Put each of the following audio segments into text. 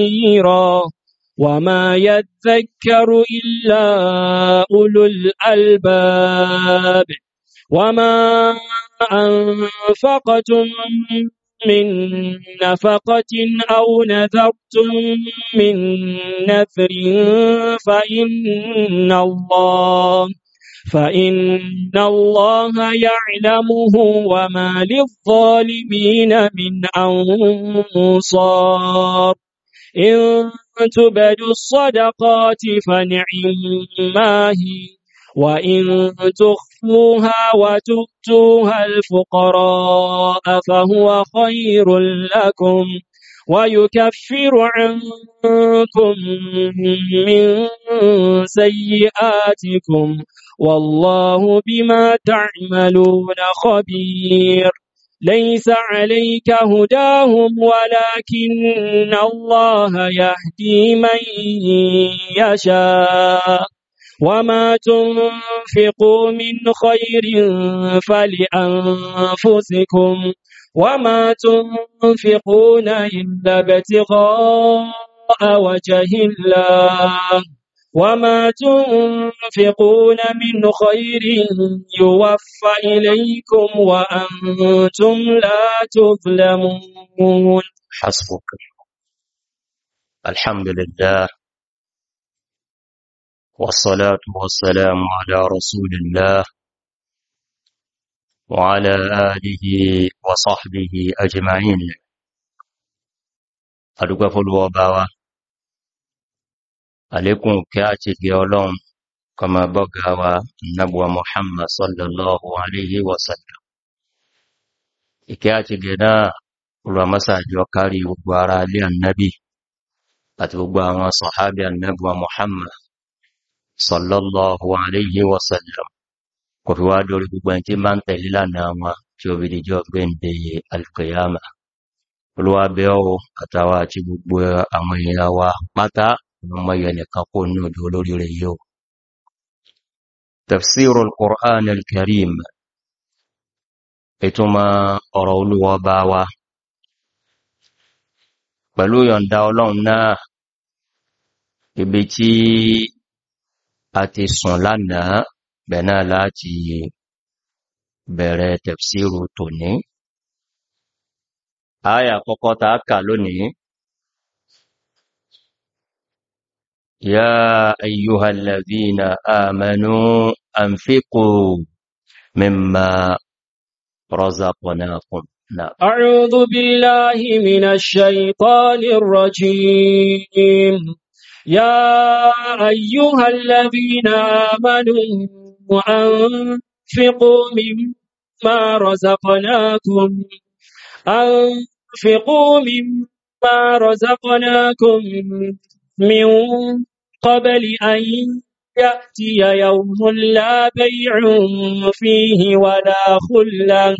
بصيرا وما يذكر إلا أولو الألباب وما أنفقتم من نفقة أو نذرتم من نذر فإن الله فإن الله يعلمه وما للظالمين من أنصار إن تبدوا الصدقات فنعماه هي وإن تخفوها وتؤتوها الفقراء فهو خير لكم ويكفر عنكم من سيئاتكم والله بما تعملون خبير ليس عليك هداهم ولكن الله يهدي من يشاء وما تنفقوا من خير فلأنفسكم وما تنفقون إلا ابتغاء وجه الله وما تنفقون من خير يوفى إليكم وأنتم لا تظلمون حسبك الحمد لله والصلاة والسلام على رسول الله وعلى آله وصحبه أجمعين أدقف الوباوة àlékún kí a ti gẹ ọlọ́run kọmọ bọ́gá wa annabuwa muhammad sallallahu alaihi wasallam ìkẹ́ a ti gẹ náà olùwàmásàjọ kárí gbogbo ara alé annabi àti gbogbo àwọn sọ̀hábí annabuwa muhammad sallallahu alaihi wasallam kò fi wá dórí gbogbo ẹni tí máa ń tẹ̀lé ọmọyọ nìkan kó ní odò olórí rẹ̀ yóò tafsirul al-qur'an al-karim ìtumà ọ̀rọ̀ olúwọ bá wa pẹ̀lú yọ̀nda ọlọ́run náà ibi tí a ti sùn lánàá bẹ̀nà láti bẹ̀rẹ̀ tafsiru tòní aya kọ́kọ́ ta kà lónìí يا أيها الذين آمنوا أنفقوا مما رزقناكم نعم. أعوذ بالله من الشيطان الرجيم يا أيها الذين آمنوا أنفقوا مما رزقناكم أنفقوا مما رزقناكم من قبل أن يأتي يوم لا بيع فيه ولا خلة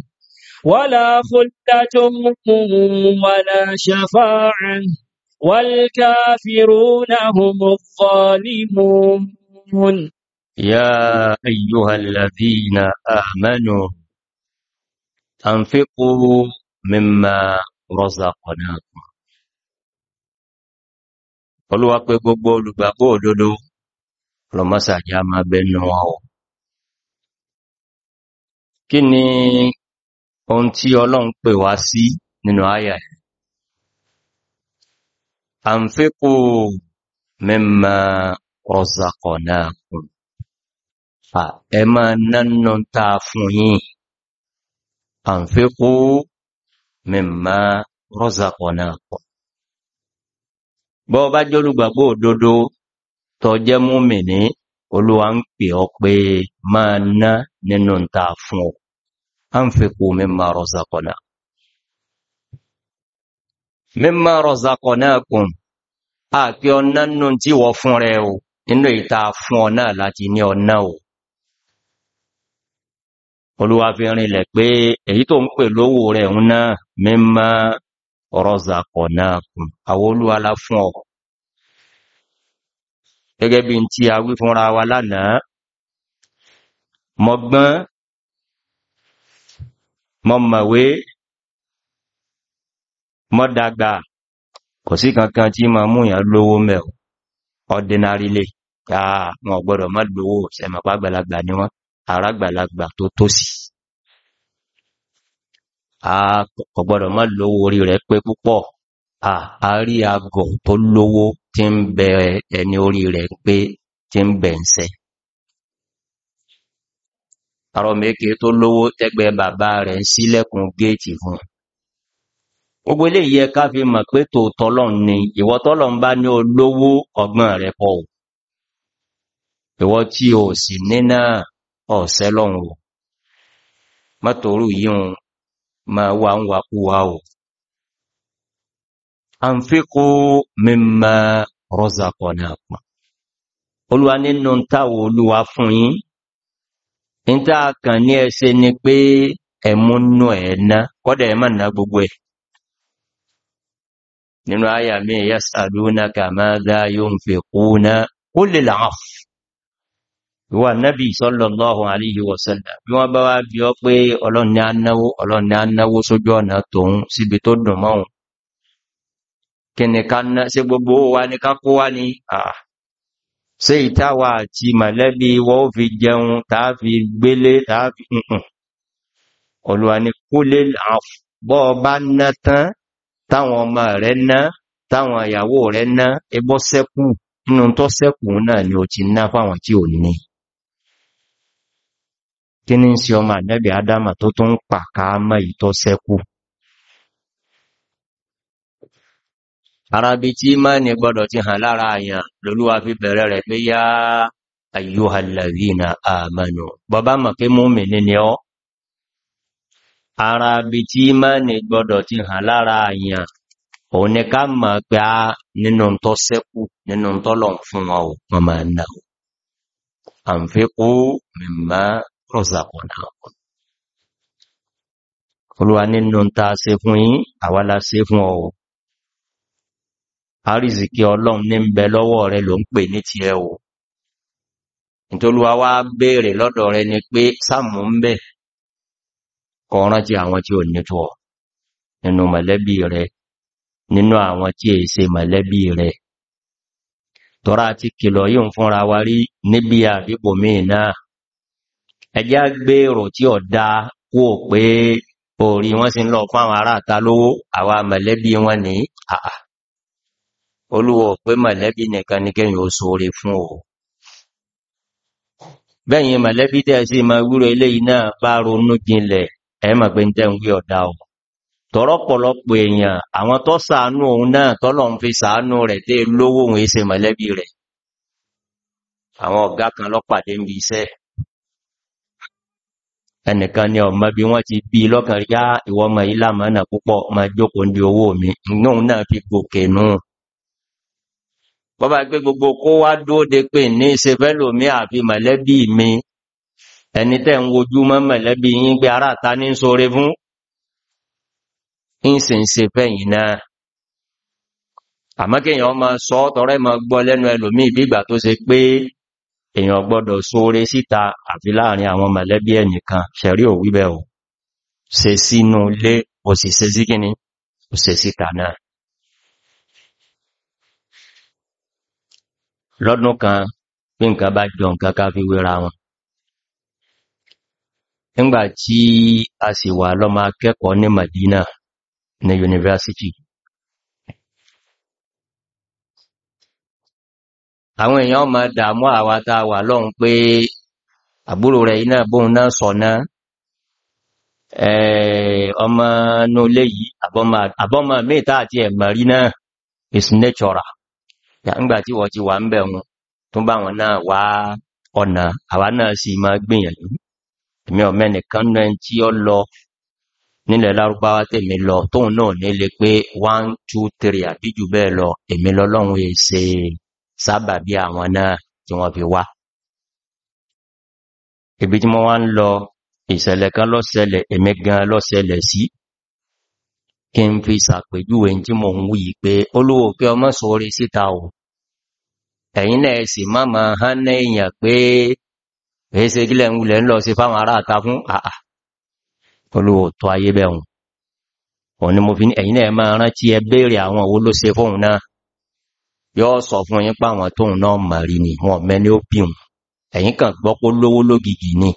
ولا خلة ولا شفاعة والكافرون هم الظالمون يا أيها الذين آمنوا أنفقوا مما رزقناكم olúwa pé gbogbo olùgbàgbọ́ òdodo ọlọ́mọ́sà jẹ́ a máa bẹnu wọn ọ̀ kí ni ohun tí ọlọ́run pè wá sí nínú àyà ẹ̀ àǹfẹ́kò mimma razaqnakum ẹ máa nánà ta fún yín àǹfẹ́kò mimma razaqnakum bọ́ bá jẹ́ olùgbàgbọ́ òdodo tọ jẹ́ múmìní olúwa ń pè ọ pé máa ná nínú ta fún ọ anfiqu mimma razaqna mimma razaqnakum àkí ọ̀nà nù tí wọ́ fún rẹ o nínú ìta fún ọ náà láti ní ọ̀nà o olúwa fi rinlẹ̀ pé èyí tó ń pè lówó rẹ̀ ń ná mimma ọ̀rọ̀zàkọ̀náàkùn àwọlúwàlá fún ọ gẹ́gẹ́ bí n tí a wí fúnra wa lánàá mọ̀gbọ́n mọ̀mọ̀wé mọ̀dàgbà kò sí kankan tí ma mú ìyàn lówó mẹ́ ordinary lè káà wọn gbọ́dọ̀ mọ́ lówó sẹ́mọ̀pá gbàlagbà ni wọ́n arágbàlagbà tó tó sí kò gbọ́dọ̀ má lówó orí rẹ̀ pé púpọ̀ a rí agọ̀ tó lówó tí ń bẹ ẹni orí rẹ̀ pé tí ń bẹ̀ ń sẹ àrọ méèké tó lówó tẹ́gbẹ́ bàbá rẹ̀ ń sílẹ̀kùn géètì fún gbogbo ilé yẹ ká fi mọ̀ pé tòótọ́lọ́n ni ìwọ́tọ́lọ́n bá ní olówó ọgbọ́n rẹ̀ pọ̀ ìwọ́ tí o sì ní náà ọ̀sẹ́lọ́run o mọ́tòrú yíhun ma wà ń wà kúwà ò anfiqu mimma razaqnakum olúwa nínú táwò olúwa fún yín ní tá a kàn ní ẹsẹ ni pé ẹ̀múnú ẹ̀ẹ́ná kọ́dẹ̀ ẹ̀mọ́ ná gbogbo ẹ̀ nínú àyà mi yas'alunaka madha yunfiquna qul al-'afw ìwà nẹ́bì sọ́lọ̀lọ́hùn àríyí wọ̀sẹ̀lẹ̀ bí wọ́n bá wá bí ọ pé ọlọ́ni anáwó ọlọ́ni anáwó sójú ọ̀nà tòun síbi tó dùn mọ́un kí ni ká ná sí gbogbo wa ní kákó wá ní àà sí ìtawà àti mọ̀lẹ́bí wọ́n táwọn ìyàwó rẹ̀ ná ẹgbọ́ sẹ́kù inú tó sẹ́kù náà ni ó ti ná fáwọn tí ò ní kí ní sí ọmọ ànẹ́bì adama tó tó ń pàká mọ́ ìtọ́ sẹ́kù arábi tí má ní gbọdọ̀ ti hàn lára àyàn lolúwa fi bẹ̀rẹ̀ rẹ̀ pé yá ayyuhallazina amanu bọ́bá mọ̀ pé múmi ní ọ́ arábi tí má ní gbọdọ̀ ti hàn lára àyàn òun ni ká mọ̀ pé á nínú tọ́ sẹ́kù nínú tọ́lọ̀ fún ọ rọ̀zàkọ̀nàkọ̀. Olúwa nínú ta ṣe fún yín, àwa la ṣe fún ọ. Àrísìkí Ọlọ́run ní ń bẹ lọ́wọ́ rẹ ló ń pè ní ti ẹ Ìtolúwa wá béèrè lọ́dọ̀ rẹ ni pé sáàmù ń bẹ̀ kọ̀ọ̀rán ti àwọn tí ò ní tó ọ nínú mọ̀lẹ́bí rẹ, nínú àwọn tí è ṣe mọ̀lẹ́bí rẹ. Tọ́rá ti kìlọ̀ yóò fúnra wa rí níbi àbíbòmí náà ẹjá gbèrò tí ó dá kú ò pé orí wọ́n sì ń lọ fún àwọn aráta lówó àwọn mọ̀lẹ́bí wọn ní àà olúwọ̀ pé mọ̀lẹ́bí nìkan ní kẹyìn ó sóre fún o bẹ́yìn mọ̀lẹ́bí tẹ́ sí ma wúrò ilé iná bá ronú jinlẹ̀ ẹ̀mà pé ń tẹ́ ń wí ọ̀dá o tọ́rọpọ̀lọpọ̀ èèyàn àwọn tó sàánú òun náà tọ́lọ̀ ń fi sàánú rẹ̀ tẹ́ lówó òun èsè mọ̀lẹ́bí rẹ̀ àwọn ọ̀gá kan lọ́pàdé ń bí iṣẹ́ ẹnìkan ni ọmọ bí wọ́n ti bí lọ́kàn rí yá ìwọ ọmọ ilá mọ́nà púpọ̀ ma jókòó ní owó mi inúun náà fi gòkè náà bọ́bá gbé gbogbo kó wá dóde pé ní ṣe fẹ́lò mí àfi mọ̀lẹ́bí mi ẹni tẹ́ ń wojú mọ́ mọ̀lẹ́bí yín gbé ara ta ní sóre fún ìsìnṣe èyàn gbọ́dọ̀ sóre síta àfi láàrin àwọn mọ̀lẹ́bí ẹnìkan ṣẹ̀rí ò wíbẹ̀ ò se sínú ilé ò sì se sí kíní ò se síta náà lọ́dún kan pí nǹkan bá jọ nǹkan ká fi wéra wọn nígbàtí a sì wà lọ́mọ akẹ́kọ̀ọ́ ní Madina ní yunifásitì àwọn èèyàn ma dàmú àwátá wà lọ́hun pé àbúrò rẹ̀ iná bóhun náà sọ̀nà ọmọ ní olé yìí àbọ́mà mẹ́ta àti ẹ̀mọ̀rí náà is natural nígbà tí wọ́n ti wà ń bẹ̀ wọn tó bá wọn náà wá ọ̀nà àwa náà sì ma gbìyànjú sábà bí àwọn náà tí wọ́n fi wá ibi tí mo wá ń lọ ìṣẹ̀lẹ̀ kan lọ́sẹ̀lẹ̀ èmi gan lọ́sẹ̀lẹ̀ sí kí n fi sàpèjúwe tí mo ń wí pé olówó pé ọmọ sórí síta o ẹ̀yin náà sì máma hán èèyàn pé èése gílẹ̀ ń lọ sí fáwọn ará fún àà olówó tó ayé bẹ̀rùn òun ni mo fi ẹ̀yin náà máa rántí ẹ béèrè àwọn owó ló ṣe fóun náà yóò sọ fún yín pa àwọn tóun náà màrí ni wọn mẹ́ni ó bí wọn ẹ̀yìn kan gbọ́pọ̀ lówó lógìgì ni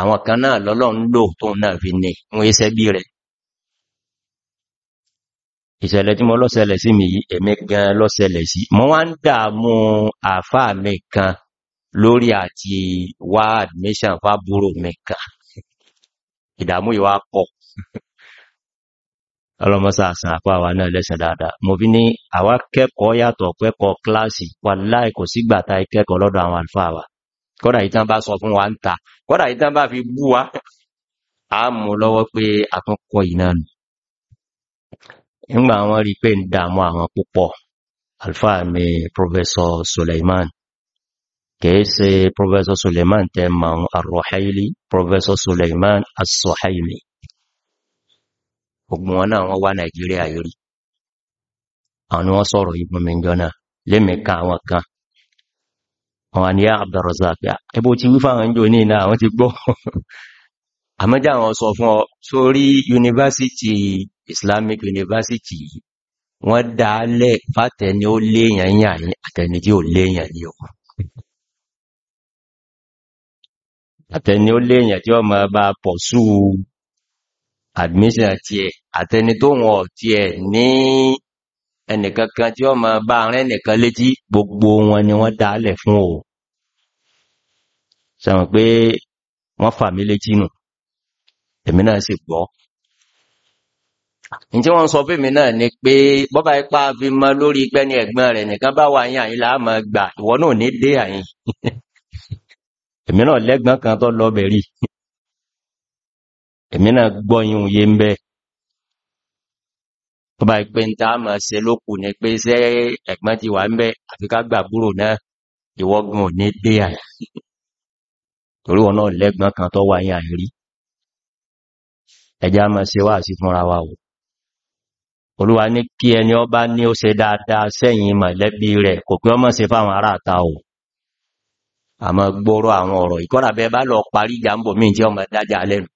àwọn kan náà lọ́lọ́run lò tóun náà fi ní wọn iṣẹ́ bí rẹ̀ ìṣẹ̀lẹ̀ tí mo lọ́sẹ̀lẹ̀ sí mi yìí èmi gan lọ́sẹ̀lẹ̀ sí mo wá ń dààmú àfá mi kan lórí àti wá admission fábúrò mi kan ìdààmú ìwà pọ̀ ọlọ́mọsá àsànàpá wa náà lẹ́sẹ̀ dáadáa mo fi ní àwa kẹ́kọ̀ọ́ yàtọ̀ pẹ́kọ̀ọ́ kíláàsì wà láì kò sí gbàtà ìkẹ́kọ̀ọ́ lọ́dọ̀ àwọn àlùfáà wa kọ́dà ìtàn bá sọ fún wa ń ta kọ́dà ìtàn bá fi bú wa a mú lọ́wọ́ pé àtúnkọ ìná nù nígbà as-Suhaimi ogun wọn náà wọ́n wá nàìjíríà yìí àwọn wọ́n sọ̀rọ̀ ìgbọ̀n mẹ́jọ náà lẹ́mẹ̀ẹ́ka àwọn kan àwọn ni Abdurrazak ẹbó ti wífà àwọn ìjọ ní náà wọ́n ti gbọ́ àmọ́já àwọn sọ fún ọ sórí yunifásitì Islamic University wọ́n dáálẹ̀ fàtẹni ó léèyàn yàyìn àtẹni tí ó léèyàn ní ọkùn àtẹni ó léèyàn admission ti àtẹni tó wọn ti ní ẹnìkankan tí ó ma bá rẹ̀ nìkan létí gbogbo wọn ni wọ́n dálẹ̀ fún o sẹ́wọ̀n pé wọ́n fà mí létí nù èmi náà sì gbọ́ ní tí wọ́n sọ fún mi náà ni pé bọ́bá ipá fi mọ́ lórí pẹ́ ní ẹ̀gbọ́n nìkan bá wà yín àyílá mọ́ gbà ìwọ náà ní dé àyín èmi náà lẹ́gbọ́n kan tó lọ bẹ̀rí èmi náà gbọ́yìn òye ń bẹ́ tó ìpé ń tàà mọ̀ ṣe lókù ní pé ṣẹ́ ẹ̀gbọ́n ti wà ń bẹ́ àfiká gbàgbúrò náà ìwọ́gbọ̀n ní dé àyà torí wọn náà lẹ́gbọ́n kan tó wà ní àìrí ẹjá mọ̀ ṣe wà sí fúnra wa wò olúwa ní kí ẹni ọba ní ó ṣe dáadáa sẹ́yìn mọ̀lẹ́bí rẹ̀ kò pé ọmọ ṣe fáwọn ará ò àmọ́ gbọ́rọ̀ àwọn ọ̀rọ̀ ìkọ́nàbẹ́ bá lọ parí jàmbò míì tí ọmọ dájá lẹ́nu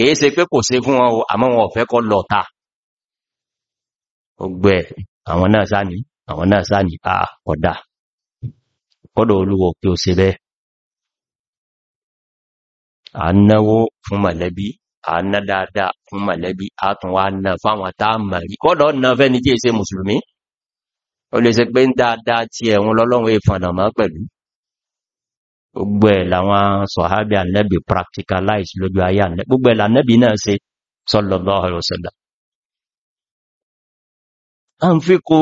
kìí ṣe pé kò ṣe fún wọn o àmọ́ wọn ò fẹ́ kó lọ́ta ogbẹ̀ àwọn náà sáni àwọn náà sáni à ah, ọ̀dá kọ́dọ̀ olúwo pé ó ṣe bẹ́ à ń náwó fún mọ̀lẹ́bí à fún mọ̀lẹ́bí a tún fáwọn tá gbogbo ẹ̀ làwọn sọ̀hábí ànẹ́bì practicalize lójú ayé ànẹ́bì gbogbo ẹ̀ lànẹ́bì náà se fi alaihi wasallam anfiqu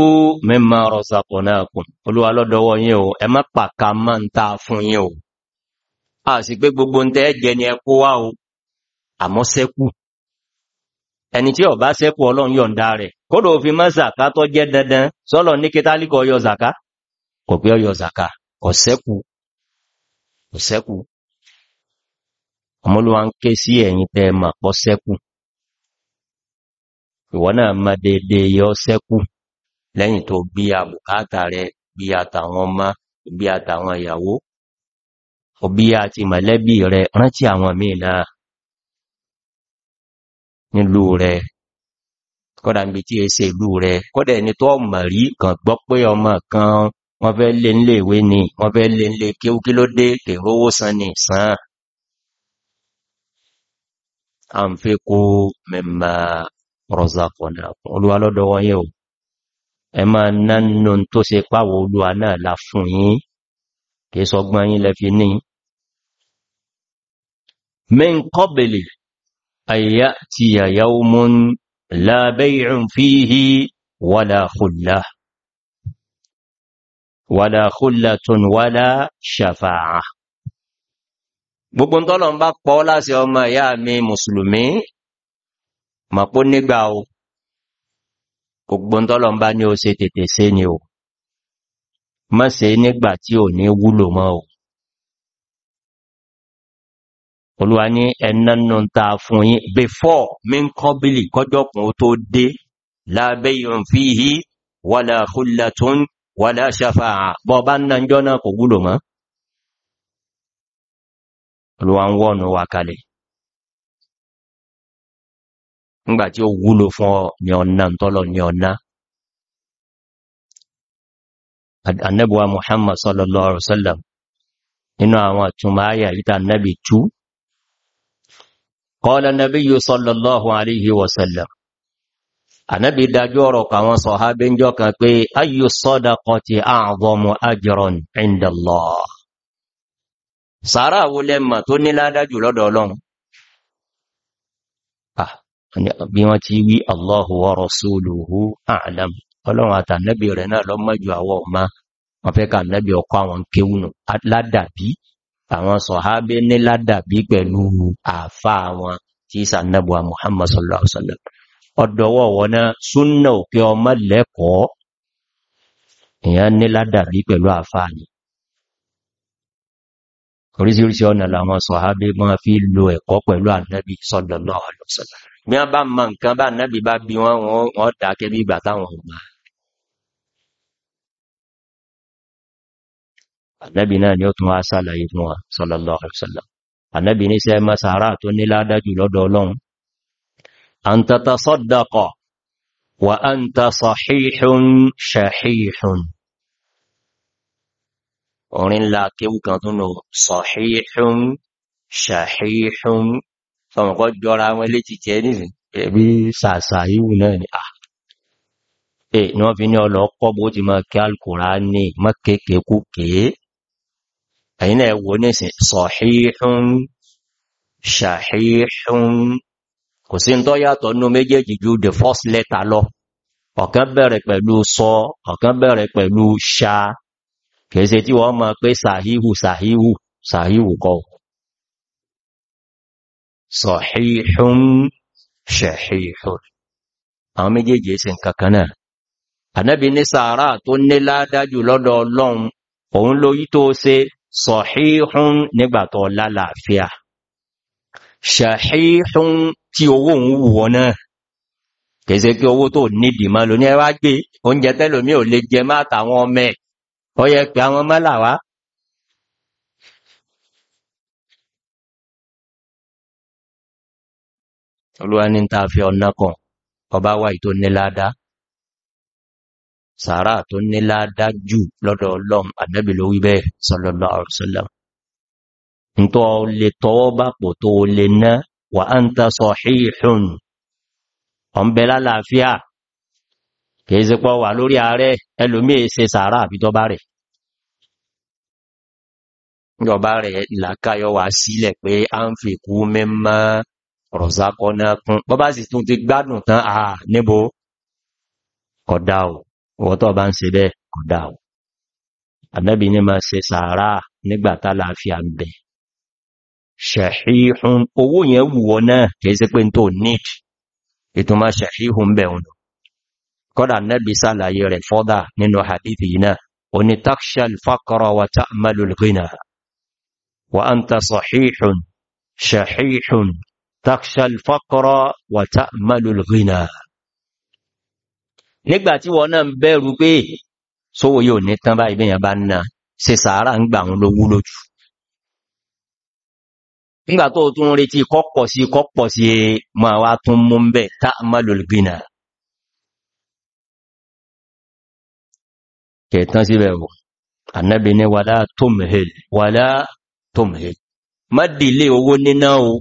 mimma razaqnakum olúwa lọ́dọ̀wọ́ yín o ẹ má pàkà mọ́ ń ta fún o a sì pé gbogbo ń tẹ́ o kò sẹ́kù ọmọlúwa ń ké sí ẹ̀yìn tẹ́ ma pọ́ sẹ́kù ìwọ náà ma dédé yọ sẹ́kù lẹ́yìn tó bí a bùkátà rẹ bí àtàwọn ọmọ bí àtàwọn ìyàwó òbí àti mọ̀lẹ́bí rẹ rántí àwọn míì nílùú rẹ kọ́dà wọ́n fẹ́ lè ń lè ìwé ni wọ́n fẹ́ lè ń lè kéwú kí ló dé kèrówó san ni sàn á ń fi kó mẹ́mà rọ̀zàkọ̀nà olúwa lọ́dọ̀ wọ́n yẹ́ o ẹ máa nánú tó ṣe páwọ̀ olúwa náà la fún yín kì í sọgbọ́n yín lẹ fi ní min kọ́bìlì àyà ti yàyà mún lábẹ́ ìrìn fíhí wàlá khullah wàlá kúlẹ̀tún wàlá ṣàfàá gbogbo tọ́lọ̀ ń bá pọ̀ láti ọmọ ìyá mi mùsùlùmí mọ̀pó nígbà o gbogbo tọ́lọ̀ ń bá ní o ṣe tètè ṣe ni o mọ́ ṣe nígbà tí ò ní wúlò mọ́ o olúwa ní ẹnánú ta fún yín before mínkọ́bílì kọjọ́kùn ó tó dé lábẹ́ ìrùn fíhí wàlá kúlẹ̀tún wàlá ṣàfàà bọ́ bá náà jọ náà kò gúlò mọ́ olúwa ń wọ́nù wà kalẹ̀ ńgbàtí ó wúlò fún ọ ní ọ̀nà tọ́lọ ní ọ̀nà annabuwa muhammad sallallahu alaihi wasallam nínú àwọn àtúnmà ayà ìta annabi tú qala nabiyyu sallallahu alaihi wasallam ànábì dájú ọ̀rọ̀ kàwọn sọ̀hábé jọ kan pé ayyu sadaqati a'zamu ajran inda Allah sàárà wo lẹ́mà tó ní ládájú lọ́dọ̀ ọlọ́run ah, bí wọ́n ti wí Allahu wa rasuluhu a'lam ọlọ́run àtànẹ́bì rẹ̀ náà lọ́mọ́jú àwọ̀ ọ̀ma wọ́n fẹ́ ká nẹ́bì ọkọ̀ àwọn kéwùnù ládàbí àwọn sọ̀hábé ní sallallahu alaihi wasallam ọ̀dọ̀wọ̀ wọ̀ná súnnà òpé ọmọ lẹ́kọ̀ọ́ èyàn ní ládàbí pẹ̀lú àfáàní orísìírísìí ọ̀nà làwọn sọ̀hábé mọ́ fi lo ẹ̀kọ́ pẹ̀lú ànábì sallallahu alaihi wasallam bí wọ́n bá mọ nǹkan bá ànábì bá bí wọ́n wọ́n dákẹ́ bí ìgbà táwọn ọgbà ànábì náà sallallahu alaihi wasallam ànábì ní sẹ́ mọ́ sàárà tó ní ládájú lọ́dọ̀ ọlọ́run أن تتصدق وأنت صحيح شحيح orin ńlá kéwù kan tó nù sọ̀híhún ṣàhíhún sọmọ̀kọ́ jọra wọn létí tí ẹni sí ẹbí sàṣà ìwù náà ni à ah. ẹ̀ ní wọ́n fi ní ọlọ́ kọ́ ti máa kí alkùnrà ní mọ́kẹ́kẹ́ kú kéé ẹ̀yìn náà wò ní sí sọ̀híhún kò sí tó yàtọ̀ nú méjèèjì ju the first letter lọ ọ̀kan bẹ̀rẹ̀ pẹ̀lú sọ ọ̀kan bẹ̀rẹ̀ pẹ̀lú ṣá kèése tí wọ́n mọ̀ pé sàhíhù sàhíhù sàhíhù kọ sọ̀híhùn ṣẹ̀híhùn àwọn méjèèjì sí kankan náà ànábì ní sàárà tó ní ládájú lọ́dọ̀ ọlọ́run òun ló tó ṣe sọ̀híhùn nígbàtọ̀ lálàáfíà la ṣàhíhún tí owó ń wùwọ náà kèsè kí owó tó nídìí máa lò ní ẹwà gbé oúnjẹ tẹ́lòmí ò lè jẹ máa tàwọn ọmọ ẹ̀ ọyẹ pé àwọn mọ́làwá olúwa ní ta fi ọ̀nà kan ọba wà tó níláadá sàárà tó níláadá jù lọ́dọ̀ ọlọ́m sallallahu alaihi wasallam ntọ́ lè tọwọ́ bá pò tó lè ná wà á ń ta sahihun ọ̀nbẹ̀ lálàáfíà kìí sí pọ́ wà lórí ààrẹ ẹlòmí èsẹ sàárà àbí tọ́bá rẹ̀ ìjọba rẹ̀ ìlàkáyọ wà sílẹ̀ pé a ń fi kú mẹ́mọ́ rọ̀sákọ́ náà kún bọ́bá sì tún ti gbádùn tán à níbo kọ̀dá ò wọ́tọ̀ bá ń ṣe bẹ́ẹ̀ kọ̀dá ò ànábì ní máa ṣe sàárà nígbàtá láàfíà bẹ̀ẹ́ ṣẹ̀híhun owó yẹn wùwọ náà kìí sí pé tó need ìtumá ṣẹ̀híhun bẹ̀rùn lọ kọ́dà nẹ́bí sàlàyé rẹ̀ fọ́dà nínú hadithi náà oní takshal fakọrọ wa ta'amalu al-ghina wa anta sahihun ṣẹ̀híhun takshal fakọrọ wa ta'amalu al nígbàtí wọ́n náà bẹ̀rù pé sówó yóò ní tán bá ibẹ̀yàn bá ń na ṣe sàárà ń gbà wọn lówú lójú nígbà tó tún retí kọ́pọ̀ sí kọ́pọ̀ sí ma wá tún mú ń bẹ̀ tá mọ́lùlùgbìnà kẹtàn síbẹ̀ wò annabi ni wàlá tómhìl wàlá tómhìl mọ́dílé owó níná o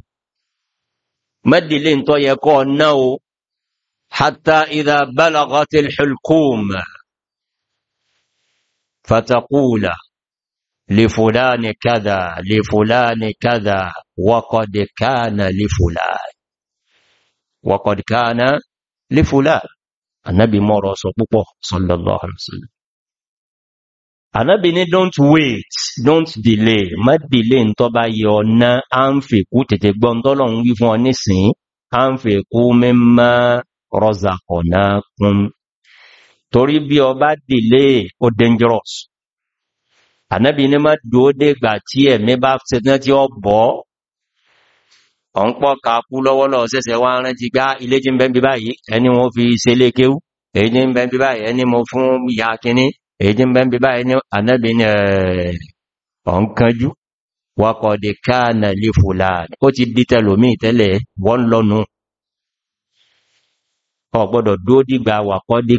mọ́dílé ń tọ́ yẹ ná o hatta idha balagatil hulqum fatakula لفلان كذا لفلان كذا وقد كان لفلان وقد كان لفلان النبي مورو سوبو صلى الله عليه وسلم Ànábì ní don't wait, don't delay, má delay ń tọ́ bá yẹ ọ̀nà à ń fi kú tètè gbọ́n tọ́lọ̀ ń wí fún ọ nísìn, à ń fi kú mímọ́ delay, ó dangerous ànábì ní má dúó dégbà tí ẹ̀mí bá ṣetán tí ó bọ́ ọ̀n pọ̀ ká kú lọ́wọ́lọ́ ṣẹ̀ṣẹ̀ wá rántí gbá ilé jí ń bẹ́ bí báyìí ẹni wọ́n fi ṣe lé kéwú èyí jí ń bẹ́ bí báyìí ẹni mo fún ìyá kíní èyí jí ń bẹ́ bí báyìí ànábì ní ọ̀n kanjú wakọ̀dẹ̀ káànà lè fòlà ó ti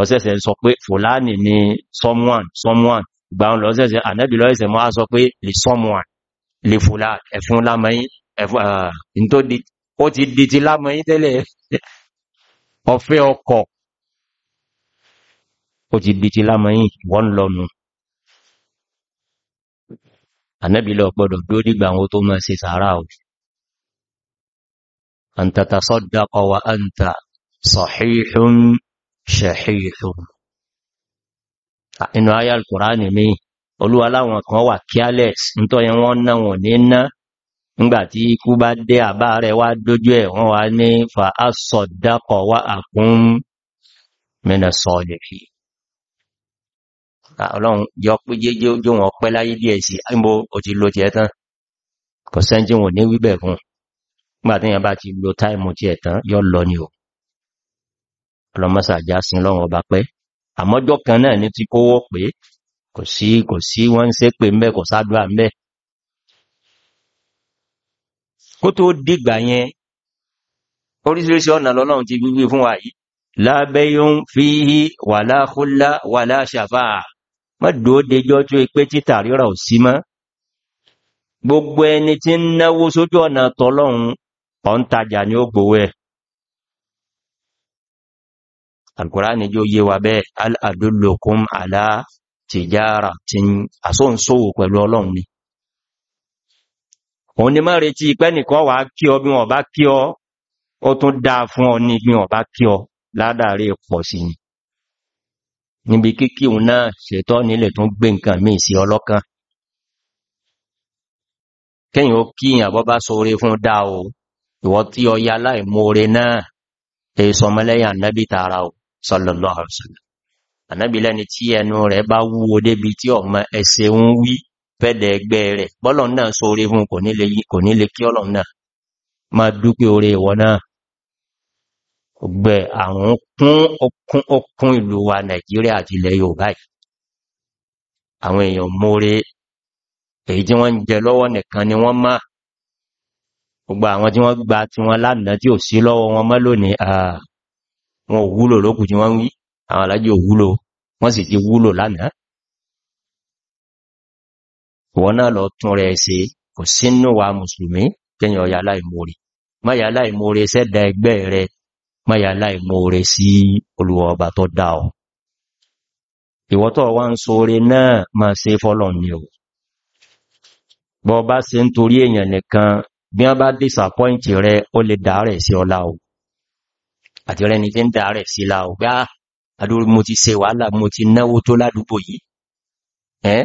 ọ̀sẹ̀sẹ̀ sọ pé fòlánì ni someone someone gbàun lọ́sẹ̀sẹ̀ ànẹ́bì lọ́ẹ̀sẹ̀ mọ́ á sọ pé lè someone lè fòlá ẹ̀fún lámọ́yí ẹ̀fún tó di ó ti di ti lámọ́yí tẹ́lẹ̀ ọ̀fẹ́ ọkọ̀ ó ti di ti lámọ́yí wọ́n lọ́nu ànẹ́bì lọ gbọ́dọ̀ dúró dìgbà tó mọ́ sí sàárà ò an tatasaddaqa wa anta ṣẹ̀hìhùn ah, inú ayá alkùránì mi olúwa láwọn kan wà careless ń tọ́ yẹn wọ́n náà wọ̀n ní ná ńgbàtí ikú bá dé àbá rẹ̀ wá dójú ẹ̀ wọ́n wá ní fa asọ̀dákọ̀ wá àkún mẹ́nà sọ̀lẹ̀ fi ọlọ́run yọ pé jẹ́jẹ́ ojú wọn pẹ́ láyé díẹ̀ sí àìmọ́ òtí lo tiẹ̀ tán kọ̀sẹ́ńjì wọn ní wíbẹ̀ fún gbàtíyàn bá ti lo táìmù tiẹ̀ tán yọ lọ ni o ọlọ́mọ́sàjá sí lọ́wọ́ ọba pẹ́ àmọ́jọ́ kan náà ní tí kówó pé kò sí kò sí wọ́n ń sé pé mẹ́ kò sádùá mẹ́ kó tó dìgbà yẹn oríṣiríṣi ọ̀nà lọ́lọ́run ti gbígbé fún wa yìí lábẹ́ yóò fi hí wà láhúlá mọ́dúó dejọ́ tó pé títà ríra ò sí mọ́ gbogbo ẹni tí ń náwó sójú ọ̀nà tọ́lọ́run ọ̀ntajà ni ó gbowó ẹ̀ alkùránì yóò yé wa bẹ́ al'adullukum ala tìjára tí àsóǹsówò pẹ̀lú ọlọ́run ni òun ni má retí pé nìkan wà kí ọ bí wọ́n bá kí ọ ó tún dá fún ọ ní bí wọ́n bá kí ọ ládàrí pọ̀ sí ni níbi kíkí òun náà ṣètọ́ nílẹ̀ tún gbé nǹkan míì sí ọlọ́kan kẹ́yìn ó kí ìyàbọ́ bá sóre fún dá o ìwọ́ tí ọ ya láìmóore náà èso ọmọlẹ́yìn tààrà o sallallahu alaihi wasallam ànábì lẹ́ni tí ẹnu rẹ̀ bá wúwo débi tí ọmọ ẹsẹ̀ ń wí fẹ́dẹ̀ ẹgbẹ́ rẹ̀ bọ́lọ̀ náà so orí fún kò ní lè kí ọlọ̀ náà ma dúpẹ́ orí ìwọ náà gbẹ̀ àwọn okún okún ìlú wa nàìjíríà àti ilẹ̀ yorùbá yìí àwọn èèyàn mórè èyí tí wọ́n ń jẹ lọ́wọ́ nìkan ni wọ́n máa gbogbo àwọn tí wọ́n gba tí wọ́n lánàá tí ò sí lọ́wọ́ wọn mọ́ lónìí àà wọn òwúlò lókù tí wọ́n ń wí àwọn alájí òwúlò wọ́n sì ti wúlò lánàá wọ́n náà lọ tún rẹ̀ ṣe kò sínú wa mùsùlùmí kẹyàn ọya aláìmoore máyà aláìmoore sẹ́dà ẹgbẹ́ rẹ̀ máyà aláìmoore sí Olúwa tó dá ọ ìwọ́tọ̀ wá ń sóre náà ma ṣe fọ́lọ̀ ní o bọ́ bá ṣe ń torí èèyàn nìkan bí wọ́n bá disappoint rẹ̀ ó lè dà rẹ̀ sí ọlá o àti rẹni tí ń dà rẹ̀ sí la ò gbá àdúrú mo ti ṣe wàhálà mo ti náwó tó ládùúgbò yìí ẹ́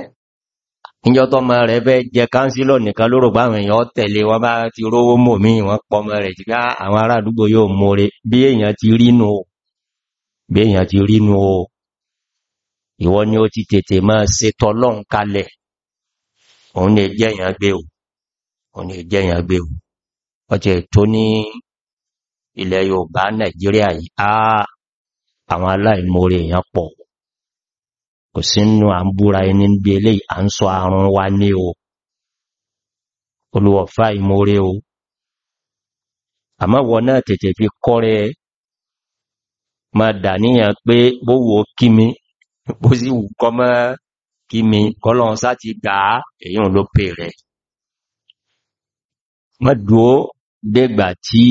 níjọ́ tọ́mọ rẹ̀ fẹ́ jẹ káńsílọ̀ nìkan lórò báwọn èèyàn tẹ̀lé wọn bá ti rówó mọ̀ mí wọn pọmọ rẹ̀ ti ká àwọn ará àdúgbò yóò mọ́re bí èèyàn ti rínú bí èèyàn ti rínú o ìwọ ni ó ti tètè máa ṣe tọ́lọ́n kalẹ̀ òun ni jẹ́ èèyàn gbé o òun ni jẹ́ èèyàn gbé o ọ̀tẹ̀ tó ní ilẹ̀ Yorùbá Nàìjíríà yìí á àwọn aláìmoore èèyàn pọ̀ kò sí nínú à ń búra ẹni bí eléyìí à ń sọ àrùn wa ní o olùwọ̀fà ìmoore o àmọ́ wọ náà tètè fi kọ́rẹ́ ma dà níyàn pé bówó kí mi bó sì wù kọ́ mọ́ kí mi kọ́lọ̀ gbà á èyí ló pè rẹ̀ mọ́dúó dégbà tí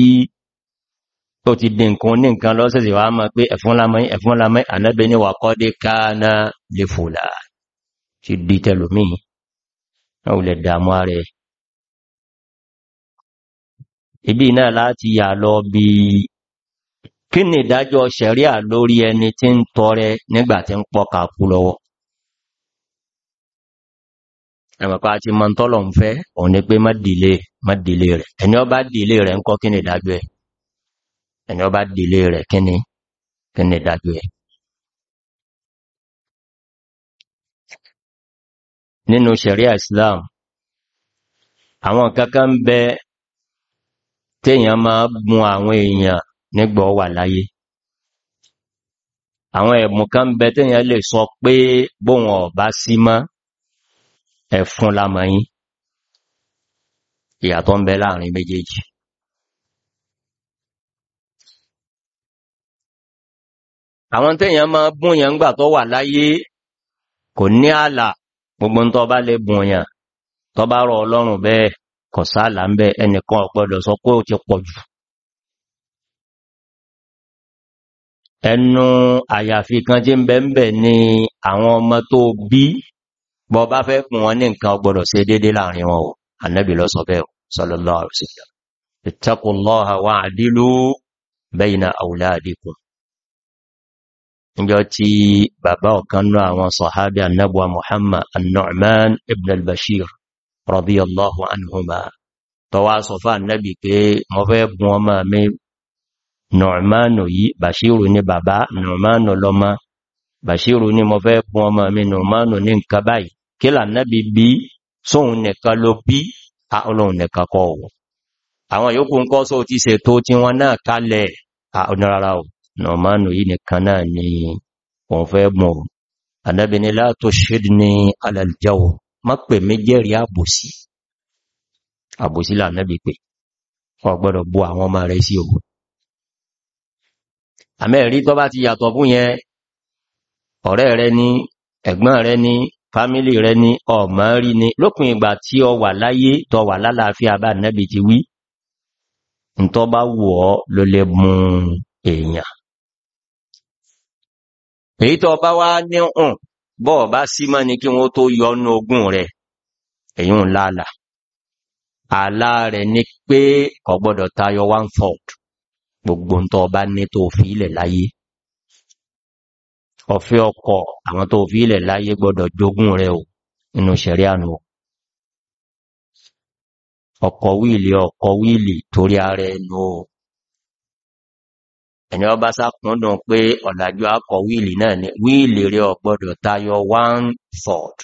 tó ti dín nǹkan ní nǹkan lọ́sẹ̀sẹ̀ wá mọ́ pé ẹ̀fún lámọ́ ẹ̀fún lámọ́ ànábẹ́ ní wà kọ́ dé káàná lè fòlà ti di tẹlòmí náà lè dàmú rẹ̀ ibi náà láti yà lọ bí kí ni ìdájọ́ ṣẹ̀ríà lórí ẹni tí ń tọrẹ nígbà tí ń pọ́ka kú lọ́wọ́ ẹ̀mọ̀pá àti mọ́ntọ́lọ̀ ń fẹ́ òun ni pé má dìlé rẹ̀ ẹni ó bá dìlé rẹ̀ ń kọ́ kí ni ìdájọ́ ẹ̀ ẹni ọba dìlé rẹ̀ kíni kíni dájú ẹ̀ nínú sharia Islam àwọn kankan ń bẹ téèyàn máa gun àwọn èèyàn nígbà wà láyé àwọn ẹ̀bùn kan ń bẹ téèyàn lè sọ pé bóun ọ̀bá sí mọ́ ẹ̀fún lamọ̀yìn ìyàtọ̀ ń bẹ láàrin méjèèjì àwọn tẹ́yàn máa bún yàn gbà tó wà láyé kò ní àlà gbogbo tó bá lè bùn yàn tó bá rọ ọlọ́run bẹ́ẹ̀ kò sáàlà ń bẹ́ ẹnìkan ọ̀pọ̀lọ̀ sọ pé ó ti pọ̀ jù ẹnu àyàfi kan jí ń bẹ́ ń bẹ̀ ni àwọn ọmọ tó bí bọ́ bá fẹ́ fún wọn ní nǹkan ọgbọ̀dọ̀ ṣe déédé láàrin wọn o annabi lọ sọ bẹ́ẹ̀ sallallahu alaihi wasallam ittaqullaha wa'dilu bayna awladikum níjọ́ tí bàbá ọ̀kan náà àwọn sọ̀hábí annabuwa muhammad annu'man ibn al-bashir radiyallahu anhuma tó wá sọ fún annabi pé mo fẹ́ bùn ọmọ mi nu'manu yìí bashiru ni bàbá nu'manu lọ́mọ bashiru ni mo fẹ́ bùn ọmọ mi nu'manu ní nǹkan báyìí kí lànàbí bí nọ̀mánù yìí nìkan náà ni wọ́n fẹ́ mọ̀ anábìnrin látò ṣídì ní alàlìjáwò má pè méjèrí àbòsí àbòsí lànàbì pé wọ́n gbọ́dọ̀ bú àwọn ọmọ rẹ̀ sí òun àmẹ́rí tó bá ti yàtọ̀ fún yẹn ọ̀rẹ́ rẹ ni ẹ̀gbọ́n rẹ ni fámílì rẹ ni ọmọ rí ni lópin ìgbà tí ọ wà láyé tọ wà lálàáfíà bá nẹ́bì ti wí ń tọ́ bá wù ọ́ ló mú èèyàn èyí tó bá wá ní ọ̀n bọ́ bá sí mọ́ ní kí wọ́n tó yọnú ogún rẹ̀ èyí ń láàlá àlá rẹ̀ ní pé kò gbọ́dọ̀ tayọ one fourth gbogbo tó bá ní tó fi ilẹ̀ láyé ọ̀fẹ́ ọkọ̀ àwọn tó fi ilẹ̀ láyé gbọ́dọ̀ jogún rẹ̀ o inú ṣẹ̀rí ànú ọkọ̀ wíìlì ọkọ̀ wíìlì torí ara ẹnu ẹni ọba sákúndùn pé ọ̀làjú akọ wíìlì náà ni wíìlì rẹ̀ ọgbọ́dọ̀ tayọ one third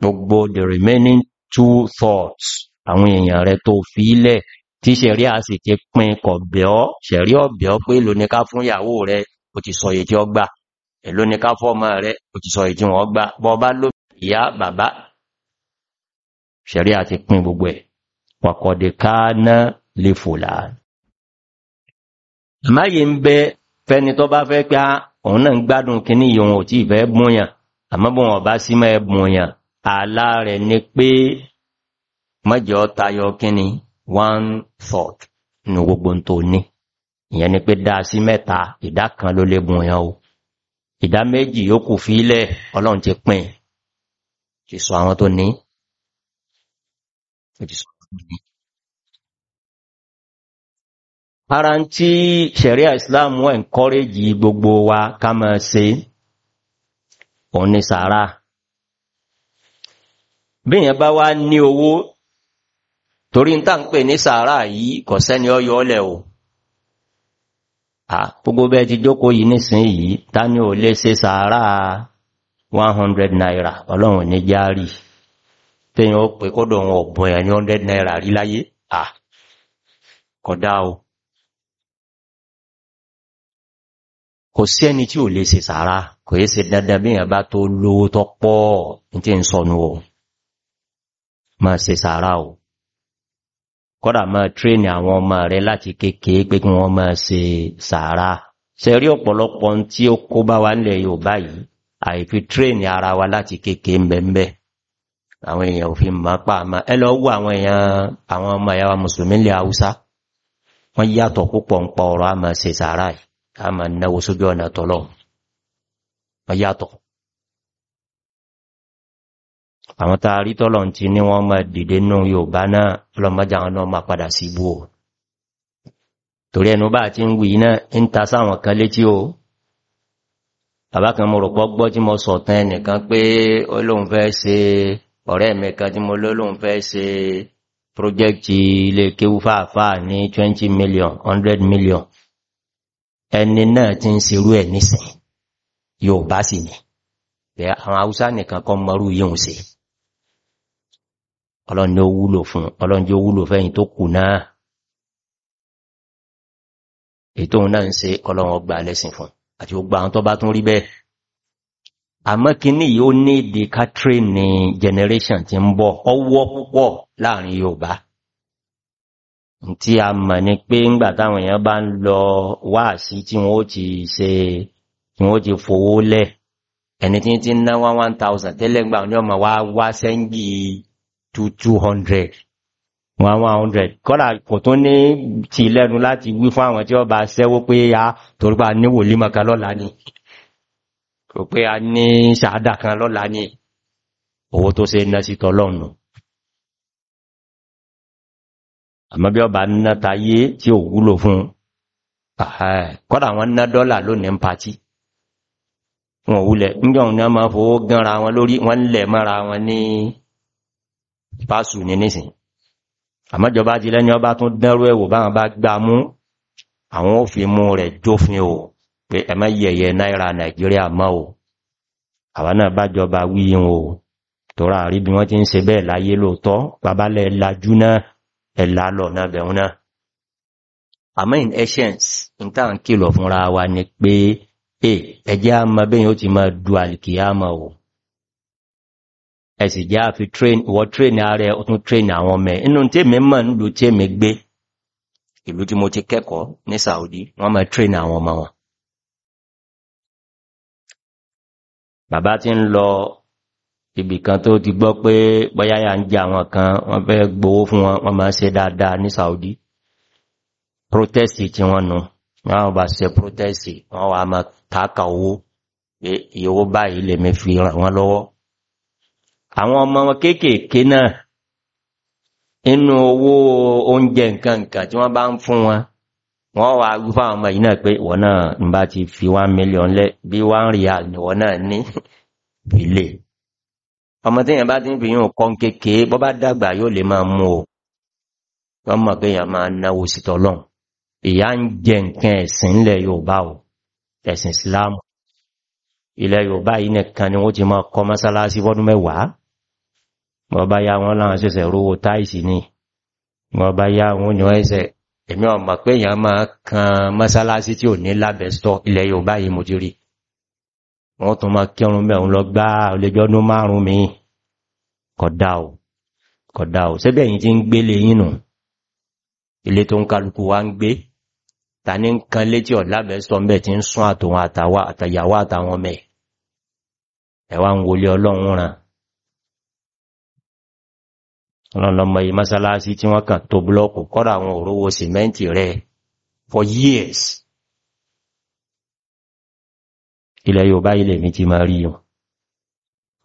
gbogbo the remaining two thoughts, àwọn èèyàn rẹ̀ tó fi ilẹ̀ tí sẹ̀rí a sì ti pín kọ̀bẹ̀ ọ́ sẹ̀rí ọ̀bẹ̀ ọ́ pé lóníká fún ìyàwó rẹ̀ ó ti sọ èyí tí ó gbà lóníká fọ́mọ rẹ̀ ti sọ èyí tí wọ́n gbà ló ìyá bàbá sẹ̀rí a ti pín gbogbo ẹ̀ wàkọ̀dẹ̀ káà lè fòlàá máyé ń bẹ fẹ́ni tó bá fẹ́ pé ah, òun náà ń gbádùn kíní yòun ò tí ìfẹ́ bùnyàn àmọ́ ọ̀bá sí mọ́ ẹ àlá rẹ̀ ni pé mọ́jọ́ tayọ kíní one fourth ní gbogbo tó ní ìyẹn ni pé dáa sí mẹ́ta ìdá kan ló lè Thank you ara ń tí ṣẹ̀ríà islam wọ́n encourage gbogbo wa ká máa ṣe òun ni sàárà bí yẹn bá wá ní owó torí ń tà ń pè ní sàárà yìí kò sẹ́ni ọyọ́ ọlẹ̀ o gbogbo bẹ́ẹ̀ ti jókòó yìí nísìnyí ta ni ò lè ṣe sàárà 100 naira ọlọ́run ní járì tẹ́yìn ó pè kọ́dọ̀ wọn ọ̀bùn ẹ̀yàn 100 naira rí láyé à kódà o kò sí ẹni tí ò lè ṣe sàárá kò yé ṣe dandan bí ìyàn bá tó lówó tó pọ̀ tí ń sọnù o ma ṣe sàárá o kọ́dà ma tréni àwọn ọmọ rẹ láti kéèkéé pé kí wọ́n ma ṣe sàárá ṣe rí ọ̀pọ̀lọpọ̀ tí ó kó bá wa nílẹ̀ Yorùbá yìí àìfi tréni ara wa láti kéèkéé mbẹ̀mbẹ̀ àwọn ń pa ká ma náwó sójú ọ̀nà tọ́lọ̀ ọyàtọ̀ àwọn tàà rí tọ́lọ̀ tí ní wọ́n mọ̀ dìde nù Yorùbá náà ọlọ́mọjà wọn náà ma padà sí ibú o torí ẹnu bá ti ń wì náà ń ta sáwọn kan létí o bàbá kan mo rò pọ́ gbọ́ tí mo sọ̀tàn ẹnìkan pé olóhun fẹ́ ṣe ọ̀rẹ́ mẹ́kan tí mo lólóhun fẹ́ ṣe project ilé kéwú fàáfàá ní 20 million 100 million ẹni náà ti ń serú ẹ̀ nísìn yóò bá sì ní pé àwọn haúsá nìkan kan mọ́rú yíò sí ọlọ́ni ó wúlò fún ọlọ́ni ó wúlò fẹ́yìn tó kù náà ètò òun náà ń se ọlọ́run ọgbà lẹ́sìn fún àti gbogbo àwọn tó bá tún rí bẹ́ẹ̀ àmọ́ kìíní yóò ní èdè katrin generation ti ń bọ̀ ọwọ́ púpọ̀ láàrin Yorùbá tí a mọ̀ ní pé ńgbà táwọn èèyàn bá ń lọ wáàsí tí wọ́n ti ṣe tí wọ́n ti fowó lẹ̀ ẹni tí ti ná 1000 tẹ́lẹ̀ ní ọmọ wá wá sẹ́ńgì 200 100 kọ́lá kò tún ní ti lẹ́nu láti wí fún àwọn tí ó bá ṣẹ́wó pé a torípa ní wòlímọ̀ká lọ́la ni kò pé a ní sàádà kan lọ́la ni owó tó ṣe ná sí tọ́lọ́nù àmọ́ bí ọba náta yé tí ò wúlò fún kọ́dà wọn ná dọ́là lónìí ń patí wọn wúlẹ̀ ńgbọ̀n náà máa fowó gánra wọn lórí wọn lẹ̀ mọ́ra wọn ní pásù ní nísìn àmọ́jọba ti lẹ́ni ọba tún dánrú ẹ̀wò báwọn bá gbá mú àwọn òfin mú rẹ̀ jófin o pé ẹmọ́ yẹ̀yẹ náírà nàìjíríà mọ́ o àwọn náà bá jọba wíyìn o tọ́ra rí bí wọ́n ti ń ṣe bẹ́ẹ̀ láyé lóòótọ́ babalẹ̀ lajú náà ẹ̀là lọ náà bẹ̀rún náà àmọ́ in essence n tàà ń kìlọ̀ fúnra wa ni pé e ẹjẹ́ a ma bẹ́yìn ó ti máa du alìkìyàmà o ẹ̀sì jẹ́ a fi train ìwọ train ààrẹ ó tún train àwọn ọmọ inú tí mi mọ̀ nílùú tí mi gbé ìlú tí mo ti kẹ́kọ̀ọ́ ní Saudi wọ́n máa train àwọn ọmọ wọn bàbá ti ń lọ ibìkan tó ti gbọ́ pé bọ́yáyà ń jẹ àwọn kan wọ́n fẹ́ gbowó fún wọn wọ́n máa ṣe dáadáa ní Saudi protest tí wọ́n nù wọ́n bá ṣe protest wọ́n wà máa tààkà owó ìyówó báyìí lè mẹ́ fi ràn wọ́n lọ́wọ́ àwọn ọmọ wọn kéékèèké náà inú owó oúnjẹ nǹkan nǹkan tí wọ́n bá ń fún wọn wọ́n wà gbúfà ọmọ yìí náà pé wọ́n náà ń bá ti fi one million lẹ́ bí one real ni wọ́n náà ní ilé ọmọ tí èyàn bá ti ń fi yíò kọ́ kéèké bọ́ bá dàgbà yóò lè máa mú o wọ́n mọ̀ pé èyàn máa náwó sí ìyá ń jẹ nǹkan ẹ̀sìn ilẹ̀ Yorùbá o ẹ̀sìn Islam ilẹ̀ Yorùbá yìí nìkan ni wọ́n ti máa kọ́ mọ́sálásí fọ́dún mẹ́wàá wọ́n ni wọ́n bá yá wọn ní ẹsẹ̀ èmi ọmọ pé èyàn máa kan mọ́sálásí tí ò wọ́n tún ma kírun mẹ́un lọ gbá olèjọ́dún márùn mi kọ̀dá ò kọ̀dá ò sẹ́bẹ̀ yìí tí ń gbélé yínú ilé tó ń kálukú wá ń gbé ta ní nǹkan létí ọ̀lábẹ̀ sọ mẹ́ tí ń sún àtòun àtàyàwó àtàwọn mẹ́ ẹ̀wà ń wọlé ọlọ́run ràn ọlọ́lọ́mọ yìí mọ́sálásí tí rẹ̀ for years ilẹ̀ Yorùbá ilẹ̀ mi ti máa rí yùn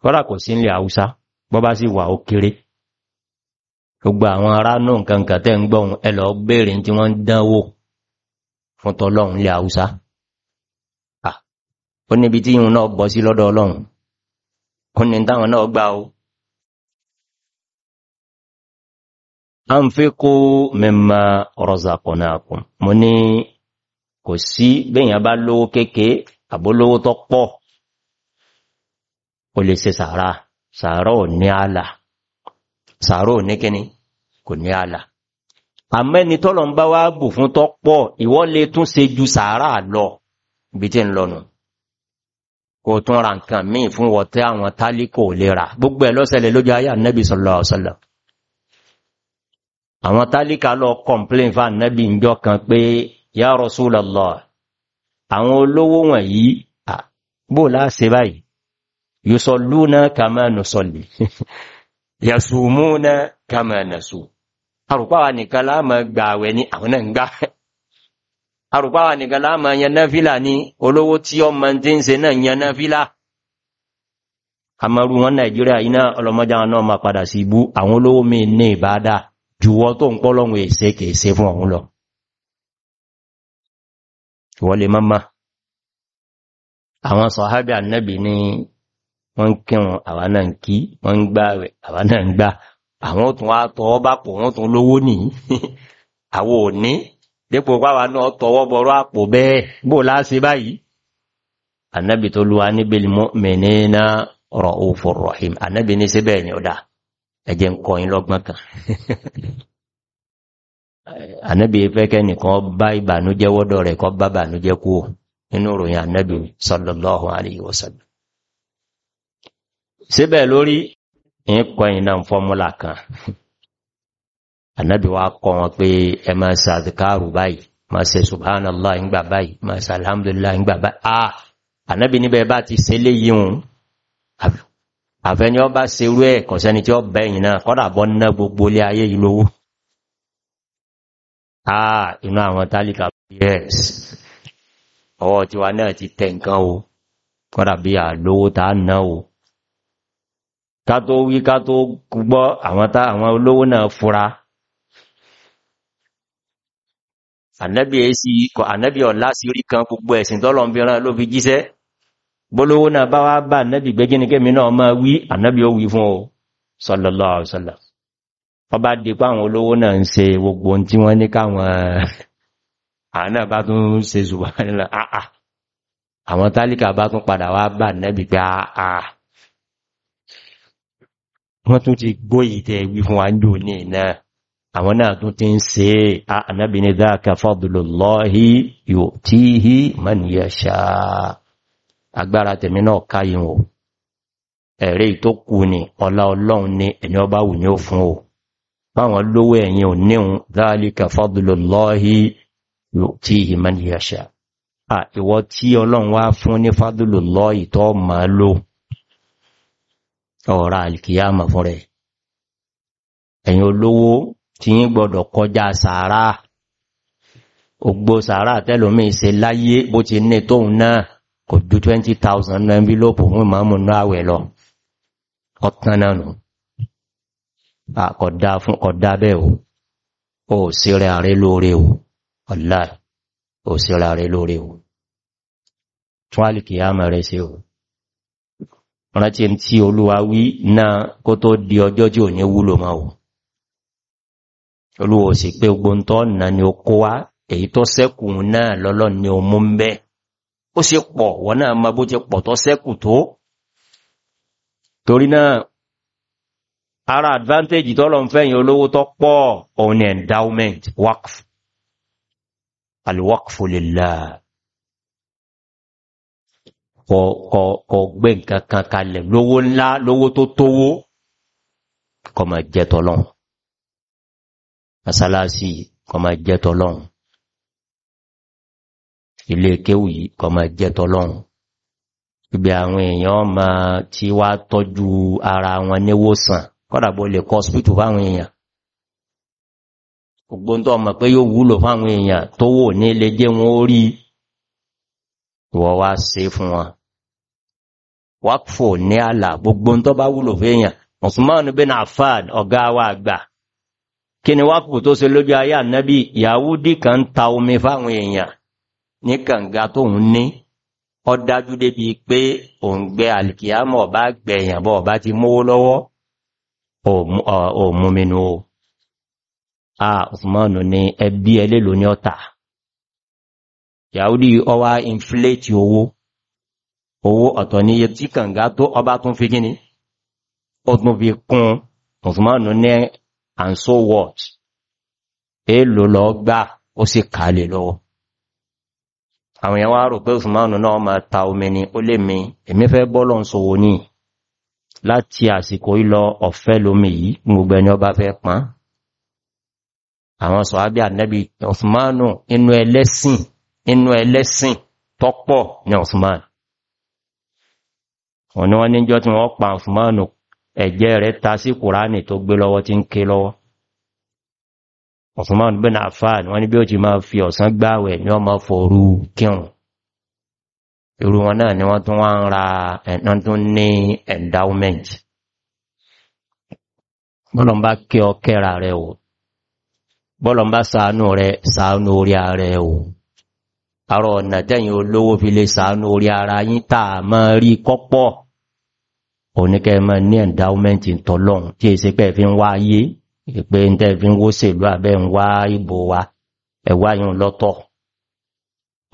kọ́lá kò sí ilẹ̀ Haúsá bọ́bá sì wà ó kéré gbogbo àwọn ará náà nǹkankan tẹ́ ń gbọ́n ẹlọ bèèrè tí wọ́n ń dánwò fún tọ́lọ́run ilẹ̀ Haúsá ó níbi tí yìí náà bọ́ sí lọ́dọ̀ Ọlọ́run ó ní táwọn náà gbà ó anfiqu mimma razaqnakum mo ní kò sí bẹ́yàn bá lówó kéèkéé àbólówó tó pọ̀ o lè ṣe sàárà sàárà ò ní àlà sàárà ò ní kíní kò ní àlà àmẹ́ni tọ́lọ̀ ń bá wá bù fún tó pọ̀ ìwọ lè tún ṣe ju sàárà lọ bí tí ń lọ́nu kò tún ra nǹkan míì fún wọ́tẹ́ àwọn tálíkò lè rà gbogbo ẹ̀ lọ́sẹ̀lẹ̀ lójú ayé ànẹ́bì sallallahu alaihi wasallam àwọn tálíkà lọ complain fún ànẹ́bì ìjọ kan pé ya Rasulullah àwọn olówó wọ̀nyí bó láàṣẹ báyìí yùsọ̀lúnà kàmà nùsọ̀lì yàsùmúnà kàmà nàsù arùpáwà nìkan láàmà gbà àwẹ̀ ní àwọn náà ń gbà arùpáwà nìkan láàmà yanáfílà ní olówó tí ọmọ tí ń se náà yanáfílà àmàrù wọn nàìjíríà iná ọlọ́mọjá náà ma padà sí ibú àwọn olówó mi ní ìbádá jùwọ́ tó ń pọ́lọ́wọ́ èsẹ́ fún ọ̀hún lọ wọ́n lè mọ́má àwọn sọ̀hábí annabi ni wọ́n kírun àwa náà ń kí wọ́n ń gbá rẹ̀ àwa náà ń gbá àwọn òtún wá tọwọ́ bá pò wọ́n tún lówó ní àwọ òní dépò pàwà náà tọwọ́ bọ̀rọ̀ àpò bẹ́ẹ̀ bó láṣe báyìí annabi tó ànábì fẹ́kẹ́ nìkan bá ìbànújẹ́ wọ́dọ̀ rẹ̀ kọ́ bá bànújẹ́ kú nínú ròyìn ànábì sallallahu alayhi wa sallam síbẹ̀ lórí ìkọ̀ ìná fọ́múlà kan ànábì wá kọ́ wọn pé ẹ máa sàdìkárù báyìí máa ṣe subhanallah ìgbà báyìí máa alhamdulillah ìgbà báyìí ah ànábì níbẹ̀ bá ti ṣe léyìí hun àfẹ́ni ọba ṣerú ẹ̀ kọ̀sẹ́ni tí ó bẹ̀yìn náà kọ́dà bọ́ ná gbogbo ilé ayé yìí àà ah, inú àwọn tálíkà yes ọwọ́ tiwa náà ti tẹ nǹkan o kọ́dà bí àlówó ta náà o ká tó wí ká tó gbọ́ àwọn tá àwọn olówó náà fura ànẹ́bí èsì ikọ̀ ànẹ́bí ọ̀lá sí orí kan gbogbo ẹ̀sìn tọ́lọ̀ ń bí rán ló fi jíṣẹ́ gbólówó náà bá wá bá ànẹ́bí gbẹ́gínikẹ́mi náà máa wí ànẹ́bí ó wí fún o sallallahu alaihi wasallam ọba dìpá àwọn olówó náà ń ṣe gbogbo tí wọ́n ní káwọn àánà bá tún ṣe ṣùgbọ́nlá àà ah, ah. àwọn tálíkà bá tún padà wá bà nẹ́bì pé àà ah, wọ́n tún ti gbóyì tẹ wí fún àjò ní náà àwọn náà tún ti ń ṣe ànábì ní dáka fadlullahi yu'tihi man yasha agbára tẹ̀mí náà káyìn o ẹ̀rẹ́ ìtókù ni ọlá ni ẹ̀yọ́ bá báwọn lówó ẹ̀yìn ò níhun dhalika fadlullahi yu'tihi man yasha à ìwọ tí ọlọ́run wá fún ní fadlullahi tó ma lò ọ̀rọ̀ alkiyama fún rẹ̀ ẹ̀yin olówó tí kọjá sàárà ògbó sàárà tẹ́lómi ṣe láyé bó ti ní tóun náà kò ju 20,000 envelope fún ìmọ̀mù àkọ̀dá ah, fún ọ̀dá bẹ́ o ò sí rẹ̀ àrẹ lóore o ọ̀lá ò sí rẹ̀ àrẹ lóore o tún àlìkì àmà rẹ̀ sí o rántí tí olúwa wí náà kó tó di ọjọ́ tí ò ní wúlò máa o olúwa sì pé ogbóntọ́ ọ̀nà ni ó kó wá èyí tó sẹ́kùn náà lọ́lọ́ ni ó mú ń ó sì pọ̀ wọ́n náà ma bó ti pọ̀ tó sẹ́kù tó torí náà ara advantage tọ́lọ̀ ń fẹ́yìn olówó tọ́ pọ̀ òun ni endowment waqf alwaqfu lillah ọgbẹ́ nǹkan kan kalẹ̀ lówó ńlá lówó tó tówó kọmọ jẹ́ tọ́lọ́run masalasi kọmọ jẹ́ tọ́lọ́run ilé kéwù yìí kọmọ jẹ́ tọ́lọ́run ibi àwọn èèyàn ma ti wá tọ́jú ara wọn níwòsàn kọ́dàbọ̀ lè kọ́ hospital fáwọn èèyàn ògbóntó ọmọ pé yóò wúlò fáwọn èèyàn tó wò ní lè jẹ́ wọn ó rí wọ́n wá fún wọn wákfò ní àlà gbogbo tó bá wúlò fèèyàn Usman wa àgbà kí ni wákfò tó ṣe lójú Yahudi kan ta omi fáwọn èèyàn ní kànga tó ń ọ débi pé alìkìyàmọ̀ bá gbẹ̀yàn bá ti òmú mínú o a ọ̀fùmọ́nù ni ẹbí ẹlélò ní ọ̀tà yàúdí ọwá inflate owó owó ọ̀tọ̀ ní iye tí kànga tó ọba tún fi gíní ó tún fi kún ọ̀fùmọ́nù ní and so what èlò lọ gbà ó sì kàálẹ̀ lọ́wọ́ àwọn èèyàn rò pé ọ̀fùmọ́nù náà ma ta omi ni ó lè mi èmi fẹ́ bọ́lọ̀ ń sọ wò láti àsìkò ìlọ ọ̀fẹ́ lómi yìí gbogbo ẹni ọba fẹ́ pán àwọn sọ̀hábí ànẹ́bí ọ̀sùmánù inú ẹlẹ́sìn inú ẹlẹ́sìn tọ́pọ̀ ní ọ̀sùmánù wọ́n ni wọ́n níjọ́ tí wọ́n pa ọ̀sùmánù ẹ̀jẹ́ rẹ̀ ta sí kùránì tó gbé lọ́wọ́ tí ń ké lọ́wọ́ ọ̀sùmánù bẹ́ẹ̀ náà fáà ni wọ́n ní bí ó ti máa fi ọ̀sán gbáwẹ̀ ní ọmọ fòrú kírùn irú wọn náà ni wọ́n tún wá ń ra ẹ̀nà tó ní endowment bọ́lọ̀ ń bá kí ọ kẹ́ra rẹ̀ o bọ́lọ̀ ń bá ṣàánú rẹ̀ ṣàánú orí ara ẹ̀ o àrọ̀ ọ̀nà tẹ́yìn olówó fi lè ṣàánú orí ara yín tàà mọ́ rí kọ́pọ̀ oníkẹ́mọ́ ní endowment tọ́lọ́run tí è sí pé fi ń wáyé ìpé ń tẹ́ fi ń wó ṣèlú abẹ́ ń wá ìbò wa ẹ̀wá lọ́tọ̀ọ́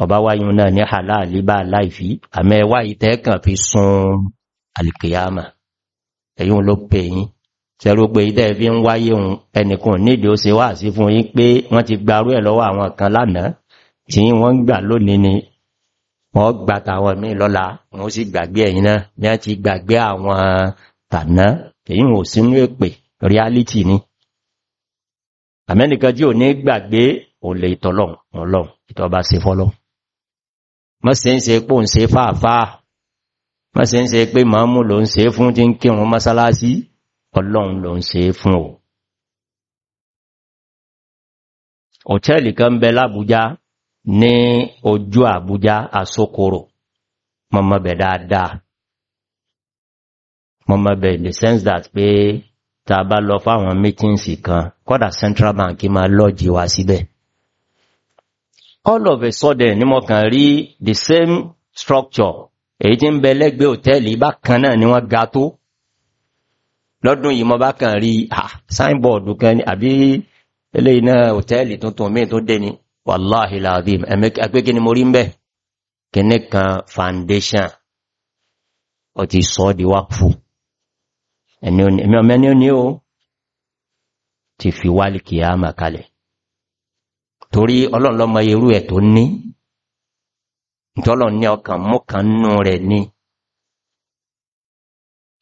ọba wáyún náà ní àláàlì bá láìfí àmẹ́wà ìtẹ́ẹ̀kàn fi sun alìkìyàmà ẹ̀yìn ló pè yín tẹ́rù pé ìdẹ́ fi ń wáyé ohun ẹnìkan nídìí ó se wá sí fún yín pé wọ́n ti gbarú ẹ̀ lọ́wọ́ àwọn kan lánàá tí wọ́n gbà lónìí ni wọ́n gbà tàwọn míì lọ́la wọ́n sì gbàgbé ẹ̀yìn náà ní reality ni àmẹ́nìkan tí ò ní gbàgbé ò lè ìtọ́lọ́hùn ọlọ́hùn ìtọ́ba se fọ́lọ́hùn mọ́sẹ̀ ń pò ń se fàáfàá mọ́sẹ̀ ń se pé mọ́mú ń se fún tí ń kírun mọ́sálásí ọlọ́run ló ń se fún o kan bẹ lábújá ní ojú àbújá àsókòrò mọ́mọ́bẹ̀ dáadáa mọ́mọ́bẹ̀ in the sense that pé ta bá lọ fáwọn mítíǹsì kan kọ́dà central bank máa lọ́ọ̀jì wa síbẹ̀ si all of a sudden ni mo kàn rí the same structure èyí tí ń bẹ lẹ́gbẹ̀ẹ́ òtẹ́ẹ̀lì bákan náà ni wọ́n ga tó lọ́dún yìí mo bá kàn rí signboard kan àbí eléyìí náà òtẹ́ẹ̀lì tuntun míì tó dé ni wàláhì láàrín ẹgbẹ́ ni mo rí ń bẹ́ kìíní kan foundation ó ti sọ di wákùú ẹni ọmọ ẹni ó ti fi wálìkì àmà torí ọlọ́lọ́mọ irú ẹ̀ tó ní ìtọ́lọ̀ ní ọkàn mọ́kàn rẹ̀ ní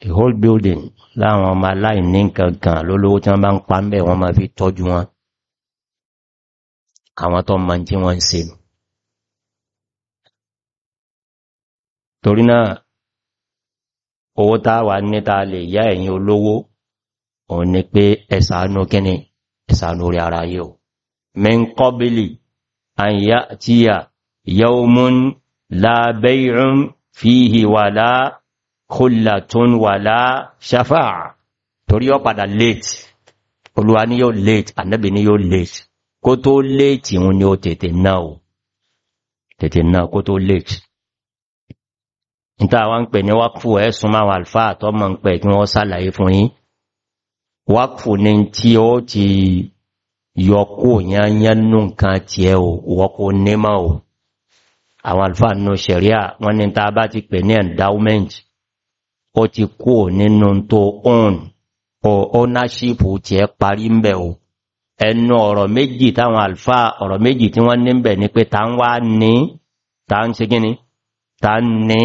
a whole building láwọn ọmọ aláìní kankan lólówó tí wọ́n bá ń pa ń bẹ̀ wọ́n ma fi tọ́jú wọn àwọn tó ma tí wọ́n ń torí náà owó táwà níta lè yá ẹ̀yin olówó òun ni pé ẹ̀sàánú kíni ẹ̀sàánú orí ara yìí min qabli an ya'tiya yawmun la bay'un fihi wala khullatun wala shafa'a torí ó padà late Olúwa ní yóò late Ànábì ní yóò late kó tó late wọ́n ní ó tètè náà ó tètè náà kó tó late níta wá ń pè ní wákùfù ẹ̀sùn máa wà alfáà tó mọ̀ ń pè kí wọ́n ṣàlàyé fún ni tí ó ti yọkó yányánú nǹkan tí ẹ o wọ́kó nímọ̀ o àwọn alfáà nù sẹ̀ríà wọ́n ní ta bá ti pè ní endowment ó ti kó nínú tó own o ownership tí ẹ parí ń bẹ̀ o ẹnu ọ̀rọ̀ méjì táwọn alfáà ọ̀rọ̀ méjì tí wọ́n ní ń bẹ̀ ni pé ta ń wá ní ta ń ṣe gíní ta ń ní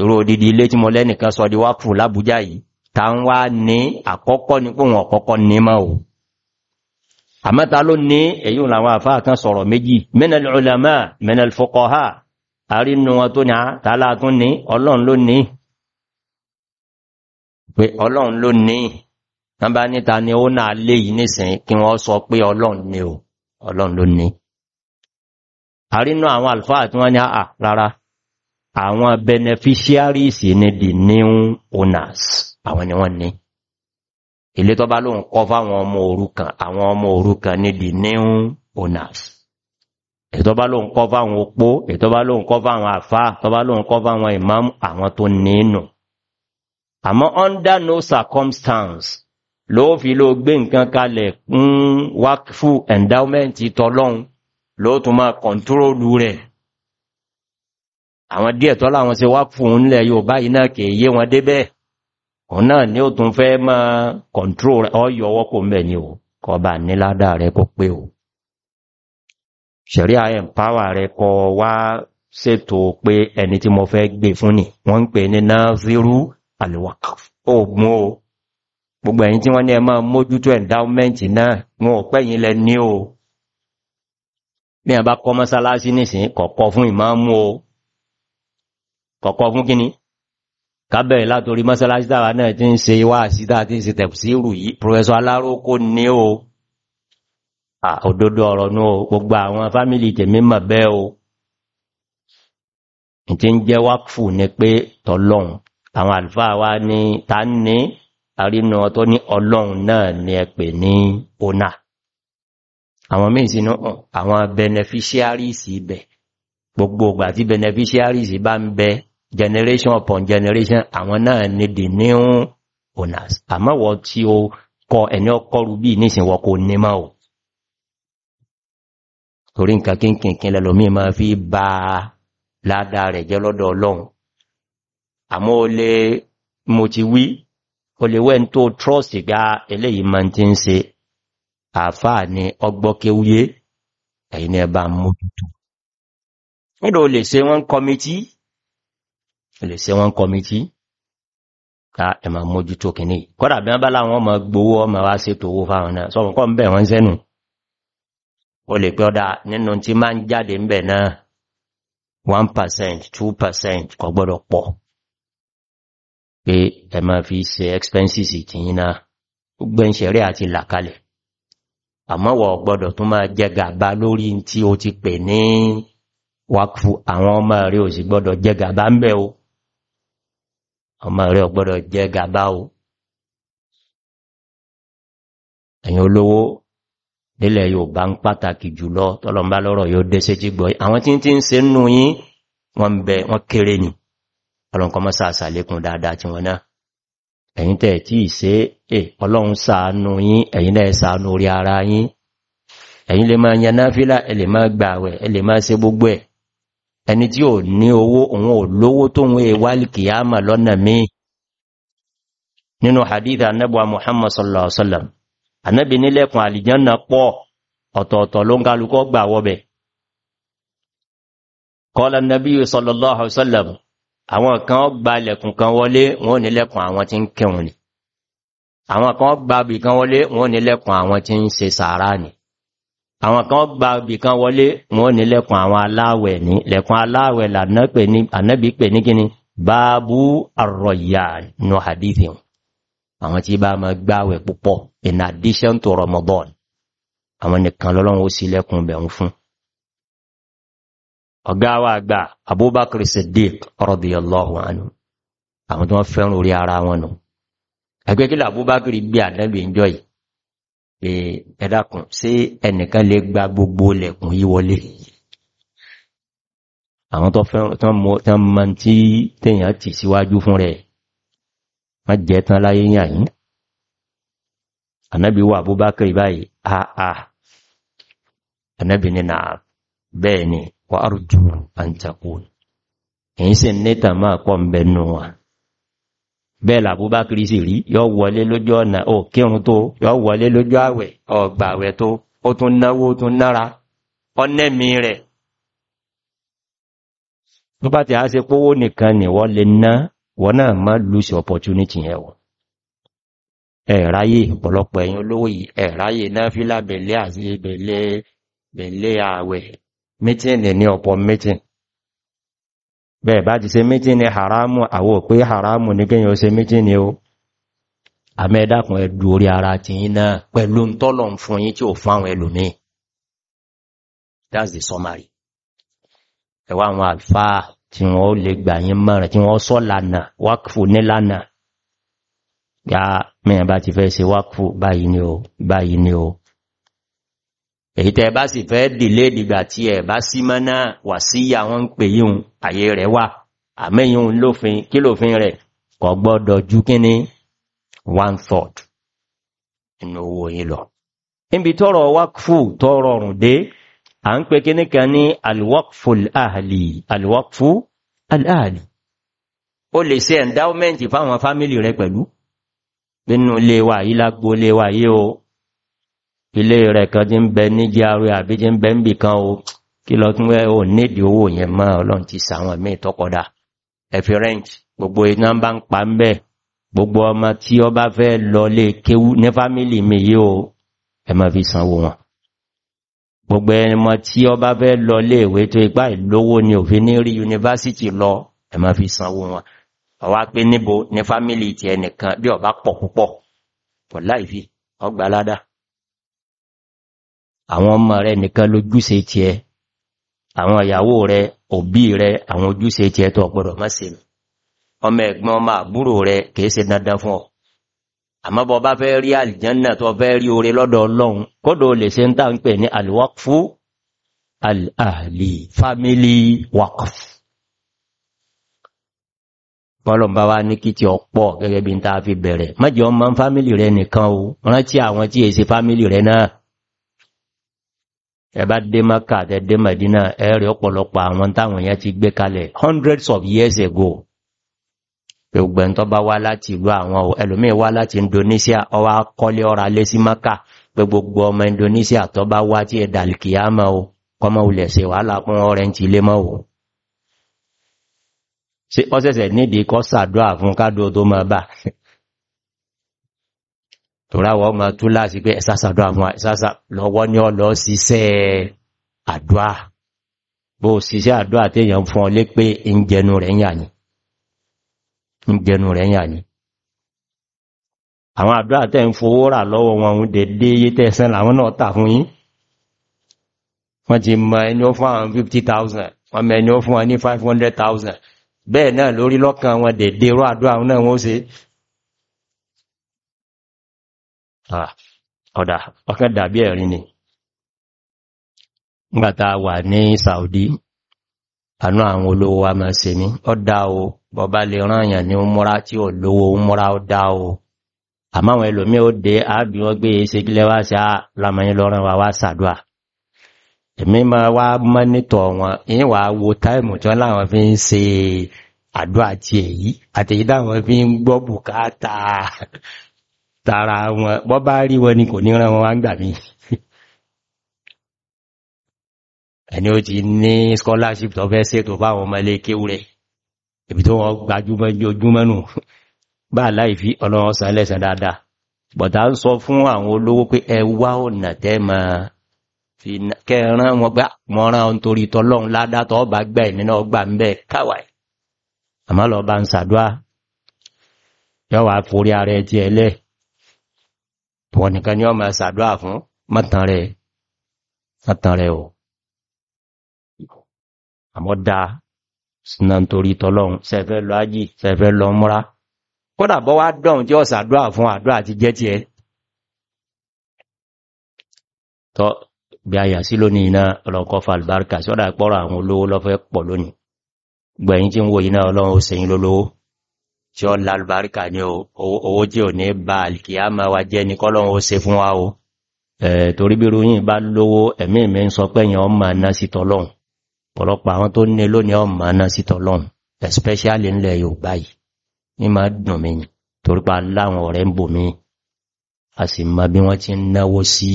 ìrò òdìdí ilé tí mo lẹ́nìkan sọ di wákùn lábújá yìí ta ń wá ní àkọ́kọ́ ní pòun ọ̀kọ́kọ́ ní mọ́ àmẹ́ta ló ní èyí làwọn àfáà kan sọ̀rọ̀ méjì minal ulama minal fuqaha àrínú wọn tó ní àtàlà ah, tún ní ọlọ́run ló ní pé ọlọ́run ló ní wọ́n bá níta ni ó náà lè yìí nísìn kí wọ́n sọ pé ọlọ́run ní o ọlọ́run ló ní ilé tó bá lóun kọ fáwọn ọmọ òrukàn àwọn ọmọ òrukàn ní the new owners ètò bá lóun kọ fáwọn opó ètò bá lóun kọ fáwọn àfá tó bá lóun kọ fáwọn ìmáàmù àwọn tó nínú àmọ́ under no circumstance ló fi ló gbé nǹkan kalẹ̀ kún wákfù endowment tọlọ́hun ló tún máa kọ̀ntúrólù rẹ̀ àwọn díẹ̀ tọ́lá wọn ṣe wákfù ńlẹ̀ yóò báyìí náà kèye wọn débẹ̀ ọ̀nà ni ó tún fẹ́ máa kọ̀ntró ọyọ̀ ọwọ́kò mẹ́ ni ò kọ bá kò pé ò ṣẹ̀rí àyẹ̀ pàwà rẹ kọ wá ṣètò pé ẹni tí mo fẹ́ gbé fún ni wọ́n ń pè ní náàzírú alwakaf ogun o gbogbo mójútó pẹ́yìn lẹ o o fún kábẹ̀ látorí mọ́sálásí tàwà náà tí ń ṣe wá síta tí ń ṣe tẹ̀síìrù yìí professor alárókó ní o òdodo ọ̀rọ̀ ní o gbogbo àwọn fámílì tèmi mọ̀ bẹ́ o tí ń jẹ́ wákfù ní pé tọ́lọ́un àwọn àlùfáà wá ní ta ní àrínà tó ní ọlọ́run náà ní ẹ̀pẹ̀ ní ọ̀nà àwọn generation upon generation àwọn náà ni the new owners àmọ́ wọ́n tí ó kọ ẹni ọkọrù bí nísìn wọ́n kò ní máa ò torí nǹkan kínkìnkín lẹ́lọ́mí máa fi bá ládá rẹ̀ jẹ́ lọ́dọ̀ ọlọ́run àmọ́ o lè mo ti wí o lè wẹ́n tó trust gá ah, eléyìí máa ti ń ṣe àfáà ni ọgbọ́kéwúyé ẹ̀yìn ẹ̀bá mójútó nílò lè ṣe wọ́n kọmití lè ṣe wọ́n kọmití ká ẹ̀mà e mójútó kìíní kọ́dà bí wọ́n bá láwọn ọmọ gbowó ọmọ wá sí tòwó fáwọn náà sọ́wọ́n kọ́ ń bẹ̀ wọ́n sẹ́nu o lè pẹ́ ọdá nínú tí máa ń jáde ń bẹ̀ náà 1% 2% kò gbọ́dọ̀ pọ̀ pé ẹ̀mà fi ṣe expenses tìyín náà gbẹ́ǹṣẹ̀rí àti àwọn ọmọ rẹ̀ ò gbọ́dọ̀ jẹ ń bẹ̀ o ọmọ rẹ̀ ọgbọ́dọ̀ jẹ́ gàbá o ẹ̀yìn olówó nílẹ̀ yóò bá ń pàtàkì jùlọ tọ́lọmbá lọ́rọ̀ yóò dẹ́sẹ́ jí gbọ́ àwọn tí tí ń ṣe nù yí wọ́n bẹ wọ́n kéré ni ọlọ́nkọmọ́ sàásà lékún dáadáa tí wọ́n náà ẹ̀yìn tẹ̀ tí ìṣe è ọlọ́run ṣàánú yín ẹ̀yìn náà ṣàánú orí ara yín ẹ̀yìn ẹni tí ò ní owó òun ò lówó tó ń wé wálìkì yáàmà lọ́nà míì nínú hadith anábuwa muhammad sallallahu alaihi wasallam anábi nílẹ̀kùn àlìjánná pọ̀ ọ̀tọ̀ọ̀tọ̀ ló ń kálukọ́ gbà wọ́bẹ̀ kọ́lá nàbí sallallahu alaihi wasallam àwọn kan gba lẹ̀kùn kan wọlé wọn nílẹ̀kùn àwọn tí àwọn kan gba ibì kan wọlé wọ́n ní lẹ́kùn àwọn aláwẹ̀ ní lẹ́kùn aláwẹ̀ lànàbí pè ní kíni báábú àrọ̀yà nù hadithi àwọn tí bá ma gbáwẹ̀ púpọ̀ in addition to Ramadan àwọn nìkan lọ́lọ́run ó sí lẹ́kùn bẹ̀rún fún ọ̀gá wa àgbà Abubakar Siddiq radiyallahu anhu àwọn tó wọ́n fẹ́ràn orí ara wọn nù pé ẹ̀dàkùn sí ẹnìkan lè gba gbogbo lẹ̀kùn yí wọlé àwọn tó fẹ́ràn mọ́ tí tèyàn ti síwájú fún rẹ̀ má jẹ́ tán láyé yàyín ànábì wà bó bá kìrì báyìí àà ànábì ni nà bẹ́ẹ̀ ni wà á rùjú àǹtakùn èyí sì ní tàmà pọ̀ mbẹ̀nù wọn bẹ́ẹ̀ làbúbákiri sì rí yọ wọlé lójú ọ̀nà ò kírun tó yọ wọlé lójú àwẹ̀ ọgbàwẹ̀ tó ó tún náwó tún nára ọnẹ́mi rẹ̀ tó bá ti á se kówó nìkan ni wọ́n lè ná wọ́n náà má lose opportunity yẹn wọ́n ẹ̀ráyè ọ̀pọ̀lọpọ̀ ẹ̀yin olówó yìí ẹ̀ráyè náà fílà bẹ̀lẹ́ àti bẹ̀lẹ́ àwẹ̀ mítìnì ní ọ̀pọ̀ bẹ́ẹ̀ bá ti ṣe méjì ní haramu àwọ̀ pé haramu ní kí yíò ṣe méjì ní o àmẹ́dàkùn ẹ̀dù orí ara ti yí náà pẹ̀lú tọ́lọ̀ fún yí tí ò fáwọn ẹlòmí that's the summary ẹwà àwọn alfa tí wọ́n lè gbà yí mọ́rin tí wọ́n sọ lànà wákùfù ní lànà ya mẹ́rin bá ti fẹ́ ṣe wákùfù báyìí ni o báyìí ni o èyí tẹ́ bá sì fẹ́ dìlé dìgbà tí ẹ̀ bá sí mọ́ná wà sí yà wọ́n ń pè yíhun àyè rẹ̀ wà àmẹ́yìn lófin kí lófin rẹ̀ kò gbọ́dọ̀ ju kí ní one third inú owó yìí lọ níbi tọ́rọ wákfù tọ́rọ rùn dé à ń pè kí ní kan ní alwakfu al'ahli alwakfu al'ahli ó lè ṣe endowment fáwọn fámìlì rẹ̀ pẹ̀lú nínú ilé wa yìí lágbó ilé yìí o ilé rẹ̀ kan ti ń bẹ ní jíarú àbí ti ń bẹ ń bì kan o kí lọ tún ẹ́ o nídìí owó yẹn mọ́ ọlọ́run ti sàwọn mí tọ́kọ̀dá ẹ̀fì rent gbogbo iná bá ń pa ń bẹ̀ gbogbo ọmọ tí ọ bá fẹ́ lọ lé kéwú ní fámílì mi yí ẹ má fi sanwó wọn gbogbo ẹmọ tí ọ bá fẹ́ lọ lé ìwé tó ipá ìlówó ni òfin ní rí yunifásitì lọ ẹ má fi sanwó wọn ọwá pé níbo ní fámílì ti ẹnìkan bí ọba pọ̀ púpọ̀ pọ̀ láìfi ọgbàládàá àwọn ọmọ rẹ nìkan lójúṣe ti ẹ àwọn ìyàwó rẹ òbí rẹ àwọn ojúṣe ti ẹ tó ọ̀pọ̀dọ̀ má ṣe ọmọ ẹ̀gbọ́n ọmọ àbúrò rẹ kìí ṣe dandan fún ọ àmọ́bọ̀ bá fẹ́ rí àlìjánà tó fẹ́ rí oore lọ́dọ̀ ọlọ́run kódò lè ṣe ń tà ń pè ní alwakfu al'ahli family wakf bọ́lọ̀mbá wá ní kí ti ọ̀pọ̀ gẹ́gẹ́ bí n ta fi bẹ̀rẹ̀ mọ́jọ ọmọ fámílì rẹ nìkan o rántí àwọn tí è ṣe fámílì rẹ náà ẹ̀bá dé maka àtẹ́dé mẹ̀dínà ẹ̀rẹ̀ ọ̀pọ̀lọpọ̀ àwọn táwọn yẹn ti gbé kalẹ̀ hundreds of years ago ògbẹ̀n tó bá wá láti ìlú àwọn ẹlòmí wá láti Indonesia ọwá kọ́lé ọ̀rà lé sí maka pé ọmọ Indonesia tó bá wá tí ẹ̀dàlìkìyàmọ́ o kọmọ́ ulẹ̀ sí wàhálà pún ọrẹ́ ti lé mọ́ o sí ọ́sẹ̀sẹ̀ nídìí kọ́ sàdúà tòráwọ̀ ọmọ tó láti pé ẹ̀sásàdọ́ àwọn ẹ̀sásà lọ́wọ́ ní ọlọ́ síṣẹ́ àdúà bó síṣẹ́ àdúà tí èyàn fún ọlé pé ìjẹnu rẹ̀ yà ní àwọn àdúà tẹ́ ń fowó rà lọ́wọ́ wọn ń dédé yé tẹ́sán làwọn náà tà fún yín wọ́n ti mọ ẹni ó fún àwọn 50,000 wọ́n mẹ́ni ó fún wọn ní 500,000 bẹ́ẹ̀ náà lórí lọ́kàn wọn dédé rọ́ àdúà wọn náà wọ́n ó ṣe ọ̀dà ọ̀kẹ́ dàbí ẹ̀rin ni ngbàtà wà ní Saudi àánú àwọn olówó wa máa ṣe ní o bọ̀bá lè àyà ní múra tí ò lówó múra o àmáwọn ẹlòmí ó dé wọ́n gbé ṣe wa wá wọn wà wo táìmù tí wọ́n láwọn fi ń ti èyí àtèyí fi ń gbọ́ bùkátà tààrà wọn bọ́ bá rí wọn ni kò ní rán wọn wá gbà mí ẹni ó ti ní scholarship tó fẹ́ ṣètò fáwọn ọmọ ilé kéwú rẹ̀ ibi tó wọ́n gbajúmọ̀ ojúmọ́ nù bá láì fi ọlọ́run san lẹ́sẹ̀ dáadáa bọ̀tá ń sọ fún àwọn olówó pé ẹ wá ọ̀nà tẹ́ mọ́ fi kẹran wọn gbá mọ́ràn ohun torí tọ́lọ́run ládátọ́ bá gbẹ̀ nínú ọgbà ń bẹ́ káwàí àmọ́ lọ bá ń sàdúà yọ́wà forí ara ẹ̀ tí ẹlẹ́ wọ́n nìkan ni wọ́n máa sàdúrà fún mọ́tàn rẹ̀ mọ́tàn rẹ̀ ò àmọ́ dá sínà torí tọ́lọ́run sẹ́fẹ́ lọ ájì sẹ́fẹ́ lọ múra kódà bọ́ wá dọ̀un tí ó sàdúrà fún àdúrà ti jẹ́ ti ẹ tọ́ bí a yà sí lónìí iná ọlọ́kọ́ falbarka sọ́dà pọ́rọ̀ àwọn olówó lọ́fẹ́ pọ̀ lónìí gbẹ̀yìn tí ń wo iná ọlọ́run ó sẹ́yìn lólówó tí ó lálùbáríkà ní owó jí ò ní bá alìkìyàmà wa jẹ́ ní kọ́lọ́run ó ṣe fún wa o torí bí ròyìn bá lówó ẹ̀mí ìmẹ́ ń sọ pẹ́yìn ọmọ aná sí tọ́lọ́run pọ̀lọpọ̀ àwọn tó ní lónìí ọmọ aná sí tọ́lọ́run especially ńlẹ̀ Yorùbá yìí ní máa dùn mí torí pa láwọn ọ̀rẹ́ ń bò mí a sì mọ bí wọ́n ti náwó sí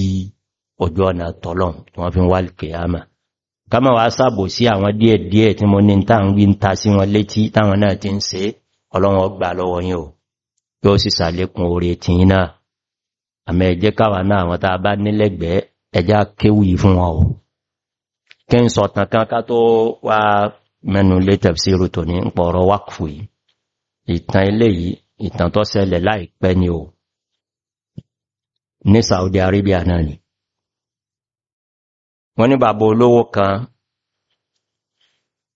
ojú ọ̀nà tọ́lọ́run tí wọ́n fi wá alìkìyàmà ká máa wá sábò sí àwọn díẹ̀díẹ̀ tí mo ní ń tà ń wí ń ta sí wọn létí táwọn náà ti ń ṣe é ọlọ́run ọgbà lọ́wọ́ yín o yóò sì sàlékún oore tí yín náà àmẹ́ ẹjẹ́ káwà náà àwọn tàà bá nílẹ̀gbẹ́ ẹjá kéwì fún wọn o kí n sọ̀tàn kan ká tó wá mẹ́nu lé tò ní pọ̀rọ̀ wákùfù yìí ìtàn ilé yìí ìtàn tó ṣẹlẹ̀ láìpẹ́ ni o ní Saudi Arabia náà ni wọ́n ní bàbá olówó kan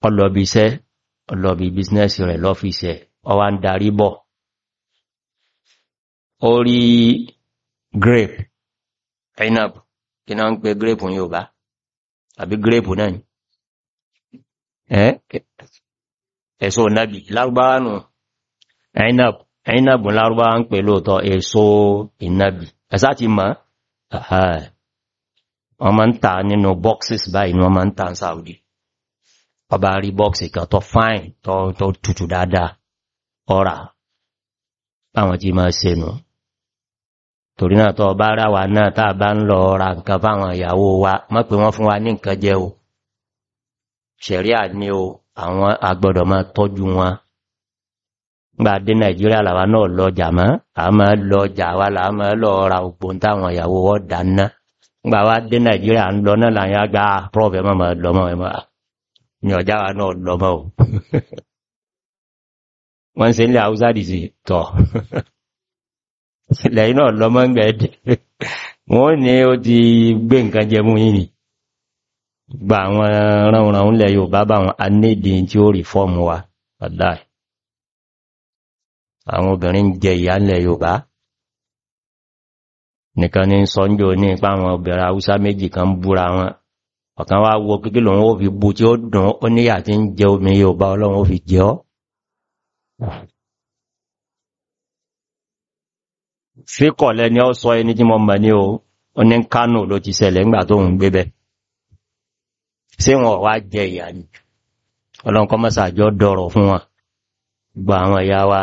ọlọ́bi iṣẹ́ ọlọ́bi bísínẹ́sì rẹ̀ lọ́fíìsì ọwá ń darí bọ̀ orí grape inab kí náà ń pè grape yóò bá àbí grape náà ẹ̀sọ́ nábi lárúbáwá nù inab inab lárúbáwá ń pè lóòtọ́ èso ìnabi ẹ̀sá ti mọ́ wọ́n máa ń ta nínú boxes báyìí ni wọ́n máa ń ta ní Saudi ọba rí boxes kan tó fine tó tutù dáadáa ọ̀rà báwọn jí máa ṣe nù torí náà tọ́ bá rá wa náà tàà bá ń lọ ọ̀rà nǹkan fáwọn ìyàwó wa mọ́ pé wọ́n fún wa ní nǹkan jẹ́ o ṣẹ̀ríà ní o àwọn agbọ́dọ̀ máa tọ́jú wọn gbà dé nàìjíríà làwa náà lọ́jà mọ́ a máa lọ́jà wa là máa lọ ra ògbón táwọn ìyàwó wọ́n dáná gbà wá dé nàìjíríà ń lọ náà làyà gba ah, prọ́fẹ̀mọ́ lọ́mọ́ ẹ̀mọ́ ni wa náà lọ́mọ́ o wọ́n se ilẹ̀ haúsá dì sí tọ̀ ilẹ̀ iná lọ́mọ ń gbẹ̀ ẹ̀dẹ̀ wọ́n ní ó ti gbé nǹkan jẹ mú yìí gba àwọn ránran ilẹ̀ Yorùbá bá wọn anédè tí ó rí fọ́ọ̀mù wa padà àwọn obìnrin jẹ ìyá ilẹ̀ Yorùbá nìkan ní sọ́njò ní ipá àwọn obìnrin haúsá méjì kan búra wọn ọ̀kan wá wo kíkí lòun ó fi bu tí ó dùn ó níyà tí ń jẹ omi Yorùbá Ọlọ́run ó fi jẹ ọ́ fíkọ̀lẹ̀ ni ó sọ ẹni tí mọ́ mọ̀ ní o oní kánò ló ti sẹlẹ̀ ńgbà tó ń gbébẹ̀ sí wọn wá jẹ ìyà ni ọlọ́nkọ́ dọ̀rọ̀ fún wọn gba àwọn ẹ̀yà wa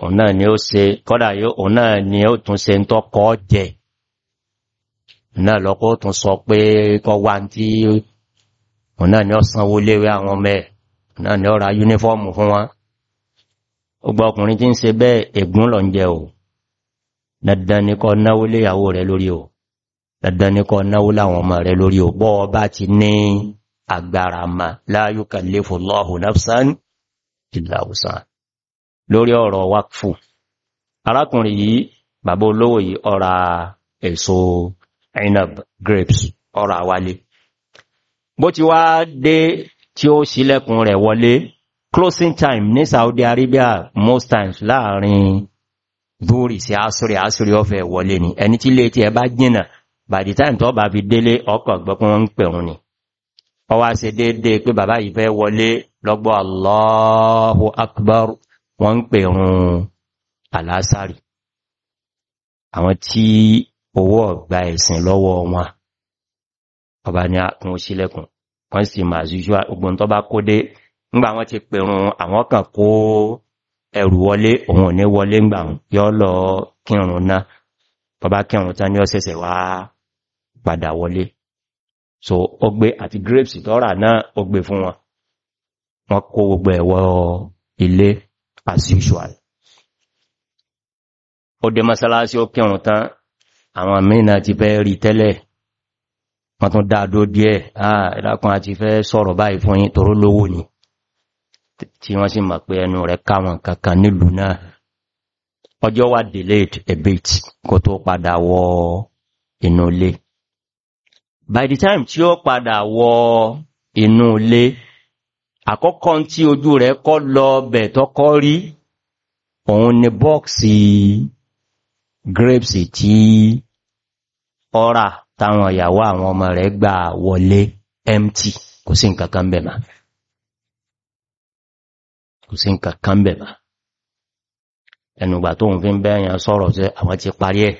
òun náà ni ó ṣe kọ́dà yóò náà ni ó tún jẹ sọ pé kọ́ ọgbà ọkùnrin tí ń ṣe bẹ́ ègún lọ ń jẹ o dandan ní kọ náwó léyàwó rẹ lórí o dandan náwó láwọn ọmọ rẹ lórí o bọ́ ọba ti ní agbára ma la yukallifu Allahu nafsan illa wus'aha lórí ọ̀rọ̀ wákfù arákùnrin yìí bàbá olówó grapes ọ̀rà wálé bó ti wá dé tí ó ṣílẹ̀kùn rẹ̀ wọlé closing time ní saudi arabia most times láàrin búrì sí asúrí asúrí ọ̀fẹ́ wọlé ni ẹni tí lè tí ẹ bá jìnà by the time tó bá fi délé ọkọ̀ gbọ́kún wọ́n ń pè wọn ni ọwá se déédéé pé bàbá yìí fẹ́ wọlé lọ́gbọ́ allahu akbar wọ́n ń pè rún alásàrì àwọn tí owó ọ̀gbà ẹ̀sìn lọ́wọ́ wọn ọba ni a kún sílẹ̀kùn wọ́n sì máa ṣíṣú ogun tó bá kó dé ńgbà wọn ti pèrún àwọn kan kó ẹrù wọlé òun ò ní wọlé ńgbà yọ́ lọ kírun náà bàbá kírun tán ní ọ̀sẹ̀sẹ̀ wá padà wọlé so ó ati grapes tọ́rà náà ó gbé fún wọn wọ́n kó gbogbo ẹ̀wọ́ ilé as usual ó dé masalasi ó kírun tán àwọn mìíràn ti fẹ́ rí tẹ́lẹ̀ wọ́n tún dáadó díẹ̀ ah ìdákan àti fẹ́ sọ̀rọ̀ báyìí fún yín toró lówó ni tí wọ́n sì mọ̀ pé ẹnu rẹ̀ káwọn kankan nílùú náà ọjọ́ wà delayed a bit kó tó padà wọ inú ilé by the time tí ó padà wọ inú ilé àkọ́kọ́ tí ojú rẹ̀ kọ́ lọ bẹ̀ tọ́kọ́ rí òun ni bọ́ọ̀sì grapes tí ọ́rà táwọn ìyàwó àwọn ọmọ rẹ̀ gbà wọlé empty kò sí nǹkan kan bẹ̀ máa kò sí nǹkan kan bẹ̀ tó ń fi ń bẹ́yàn sọ̀rọ̀ sí àwọn ti parí ẹ̀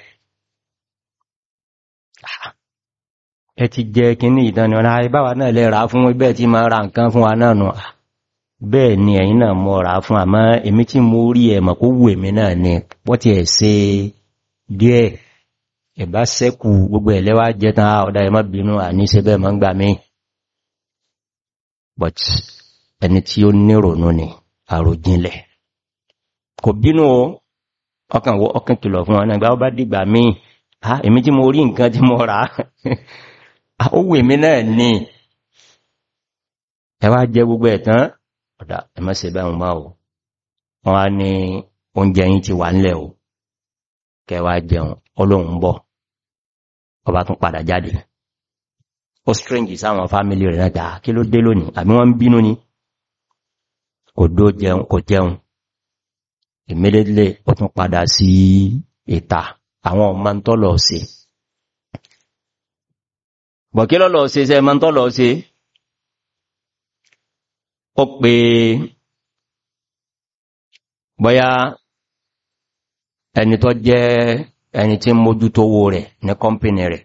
ẹ ti jẹ kíní ìdánilọ́nà ìbáwà náà lè rà fún ibẹ̀ tí ma ra nǹkan fún wa bẹ́ẹ̀ ni ẹ̀yin náà mọ́ rà fún àmọ́ èmi tí mo rí ẹ̀mọ̀ kó wù èmi náà ni wọ́n ti ẹ̀ ṣe díẹ̀ ẹ̀bá sẹ́kù gbogbo ẹ̀lẹ́wà jẹta ọ̀dá ẹ̀mọ́ bínú àníṣe bẹ́ẹ̀ mọ́ gbà mí but ẹni tí ó nírònú ni àròjinlẹ̀ kò bínú ọkàn wọ ọkàn kìlọ̀ fún ọ̀nà ìgbà ọba dìgbà míì ha èmi tí mo rí nǹkan tí mo rà á ó wè mí náà ní ẹ wá jẹ gbogbo ẹ̀ tán ọ̀dà ẹ má ṣe báwọn máa o wọ́n á ní oúnjẹ yín ti wà nílẹ̀ o kẹwàá jẹun ọlọ́run ń ọba tún padà jáde ó strange sáwọn fámílì rẹ̀ náà dáa kí ló dé lónìí àbí wọ́n ń bínú ni kò dó jẹun kò jẹun immediately ó tún padà sí ìta àwọn ọmọ ń tọ́lọ̀ sí bọ̀kí lọ́lọ́ sí ṣe ma ń tọ́lọ̀ sí ó pé bọ́yá ẹni tó jẹ́ ẹni tí mójútówó rẹ̀ ní kọ́mpìnì rẹ̀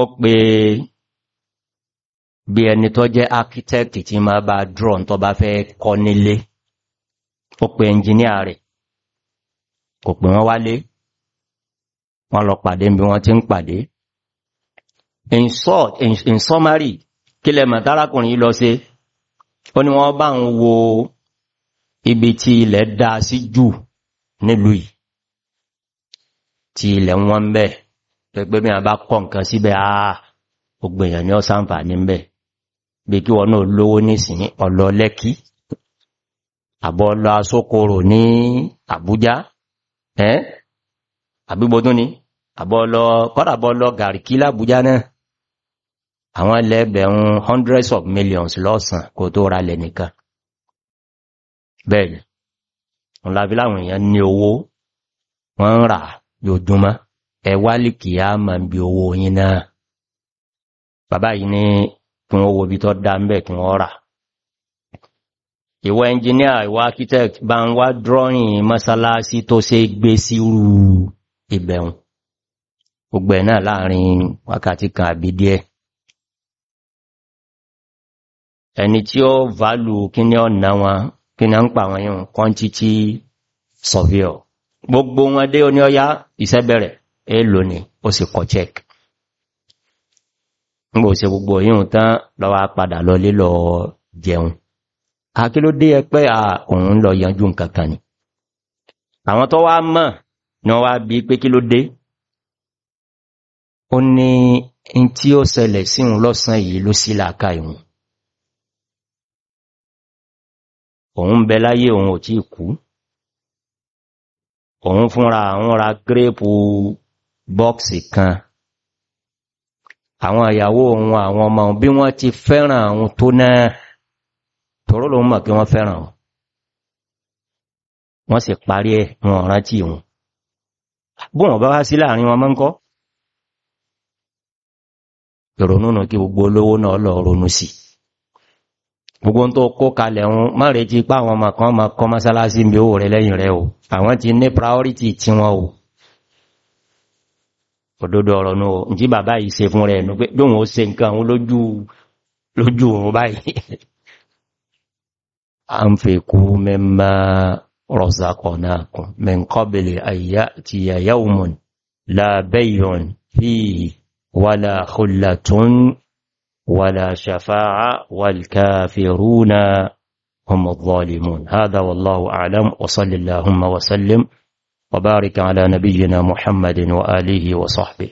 ó pé bí ẹni tó jẹ́ architect tí ma bá drone tó bá fẹ́ kọ́ nílé ó pe engineer rẹ̀ kò pè wọ́n wálé wọ́n lọ pàdé bí wọ́n ti ń pàdé in short in summary kí lẹ mọ̀tárakùnrin lọ sí ó ní wọ́n bá ń wo ibi tí ilẹ̀ dá sí jù nílùú yìí tí ilẹ̀ wọ́n ń bẹ̀ pẹ̀gbẹ́ bí wọ́n kọ́ nǹkan síbẹ̀ àà gbogbo ni ó sáǹfà ní bẹ̀ bí kí wọ́n náà lówó nísìn ọ̀lọ́ lẹ́kí àbọ́lọ́ asókòrò ní àbújá ẹ́ àbíbodún ni àbọ́lọ́ kọ́dàbọ́lọ́ gàríkí lábújá náà àwọn lẹ́bẹ̀rún hundreds of millions lọ́sàn kò tó ra lẹ̀ nìkan bẹ́ẹ̀ ọ̀làbí láwọn èèyàn ní owó wọ́n kí wọ́n wo bí tọ́ dá ń bẹ̀ kí rà ìwọ ẹnjìníà ìwọ architect bá ń wá drawing mọ́sálásí tó ṣe gbé sí rú ìbẹ̀un gbogbo náà láàrin wákàtí kan àbí díẹ̀ ẹni tí ó válù kí ní ọ̀nà wọn kí ní ń wọn yíò gbogbo wọn dé ìṣẹ́bẹ̀rẹ̀ èlò ni ó sì kọ check mbò se gbogbo yíò tán lọ́wà padà lọ lílọ jẹun àkílódé ẹpẹ́ à òun lọ yanjú nkankan ni àwọn tó wá mọ̀ ní wá bí pé kí ló dé ó ní in tí ó ṣẹlẹ̀ sí òun lọ́sàn yìí ló sí làákà ìhun òun bẹ láyé òun ò tí kú òun fúnra àwọn ra gírépù bọ́ọ̀sì kan àwọn àyàwó òun àwọn ọmọ òun bí wọ́n ti fẹ́ràn àwọn tó náà tòró lòun mọ̀ kí wọ́n fẹ́ràn wọn wọ́n sì parí ẹ̀ wọn rántí wọn bó wọn bá wá sí láàrin wọn mọ́ ń kọ́ ìrònú nù kí gbogbo olówó náà lọ ronú sí gbogbo tó kó kalẹ̀ wọn má retí pá àwọn ọmọ kan máa kọ́ mọ́sálásí mi owó rẹ lẹ́yìn rẹ o àwọn ti ní priority tiwọn o òdodo ọ̀rọ̀ náà jí bàbá yìí ṣe fún rẹ̀ ẹ̀nù pé lóhun ó ṣe nǹkan òun lójú òun báyìí a ń fi kú mẹ́mà rọ̀zàkọ̀ náà kùn mẹ́kọ́bìlì àti yàyàwùmùn lábẹ́yàn fi wàlá hùlàtún wàlá ṣàfáà وبارك على نبينا محمد وآله وصحبه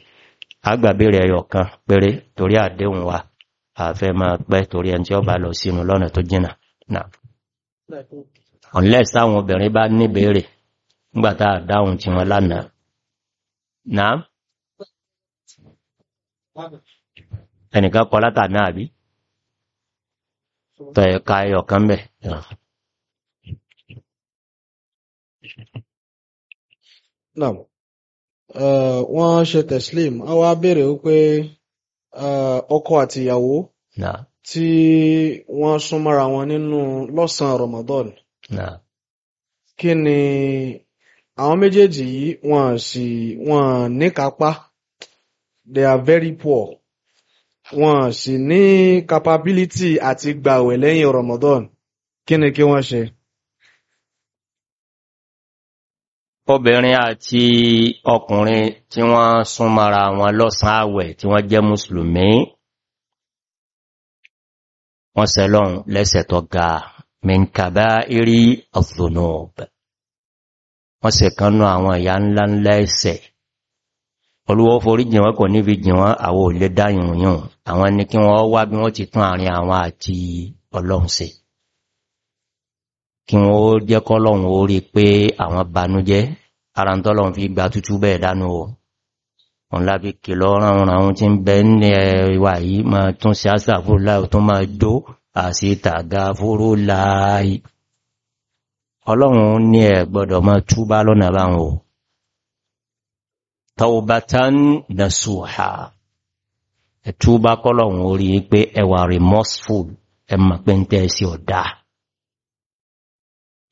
agba bere ayo kan pere tori adehun wa a fe ma pe tori en ti o sinu lona to jina na unless awon obirin ba ni bere ngba ta da na eni ka kọlata ta bi to e ka ayo be Naam. Eh, wọ́n ṣe Teslim, a wá béèrè wípé eh, ọkọ àti ìyàwó tí wọ́n súnmọ́ra wọn nínú lọ́sàn-án Ramadan. Kí ni àwọn méjèèjì yìí wọ́n sì wọ́n níkápá, they are very poor. Wọ́n sì ní capability àti gbàwẹ̀ lẹ́yìn Ramadan. Kí ni kí wọ́n ṣe? obìnrin àti ọkùnrin tí wọ́n súnmọ́ra wọn lọ́sàn àwẹ̀ tí wọ́n jẹ́ mùsùlùmí wọ́n sẹ́lọ́n lẹ́sẹ̀ tó ga mẹ́kàbá irí ọ̀fọ̀nọ̀ọ̀bẹ̀ wọ́n sì kanú àwọn ìyá ńlá ńlá ẹ̀ṣẹ̀ olúwọ́ forí jìn wọ́n kò níbi jìn wọ́n àwọ̀ olè dáyìn àwọn ni kí wọ́n wá bí wọ́n ti tún àárín àwọn àti ọlọ́run sí kí wọ́n ó jẹ́ kọ́lọ̀un ó rí pé àwọn banújẹ́ ara ń tọ́lọ̀un fi gba tútú bẹ́ẹ̀ dánú o wọn lábí kìlọ ránun àwọn tí ń bẹ ní ẹwà yìí ma tún sí àṣà fúrúlá tó máa jó àti tàga fúrúlá ọlọ́run ní ẹ gbọ́dọ̀ máa túbá lọ́nà báwọn o tawbatan nasuha ẹ̀túbá kọ́lọ̀un orí pé ẹwà remorseful ẹmà pẹ́ntẹ́ sí ọ̀dáa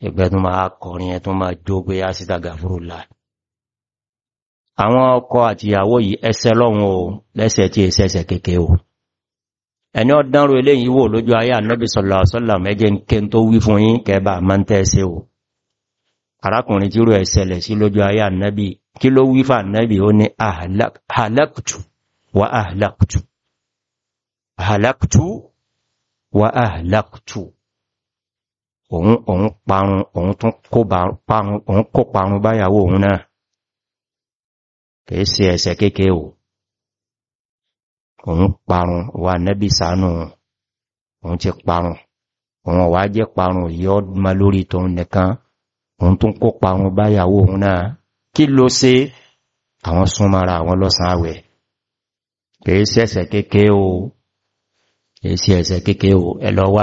ẹgbẹ́ tó máa kọrin ẹ̀ tó máa jó pé á síta gàfúrúlà àwọn ọkọ àtìyàwó yìí ẹsẹ lọ́hun o lẹ́sẹ̀ tí ẹsẹ̀ kéèké o ẹni ọ̀dánrò eléyìí wò lójú ayé ànábì sọ̀lọ̀ sọ́lọ̀ mẹ́jẹ ké tó wí fún yín kẹba máa ń òun òun parun òun tún kó parun òun kó parun báyàwó òun náà kìí ṣe ẹ̀ṣẹ̀ kéèké o òun parun wà nẹ́bí sánú òun ti parun òun wà jẹ́ parun yọ́ ma lórí tóun nìkan òun tún kó parun báyàwó òun náà kí ló ṣe àwọn súnmọ́ra àwọn lọ́sàn àwẹ̀ kìí ṣe ẹ̀ṣẹ̀ kéèké o kìí ṣe ẹ̀ṣẹ̀ kéèké o ẹ̀lọ́wà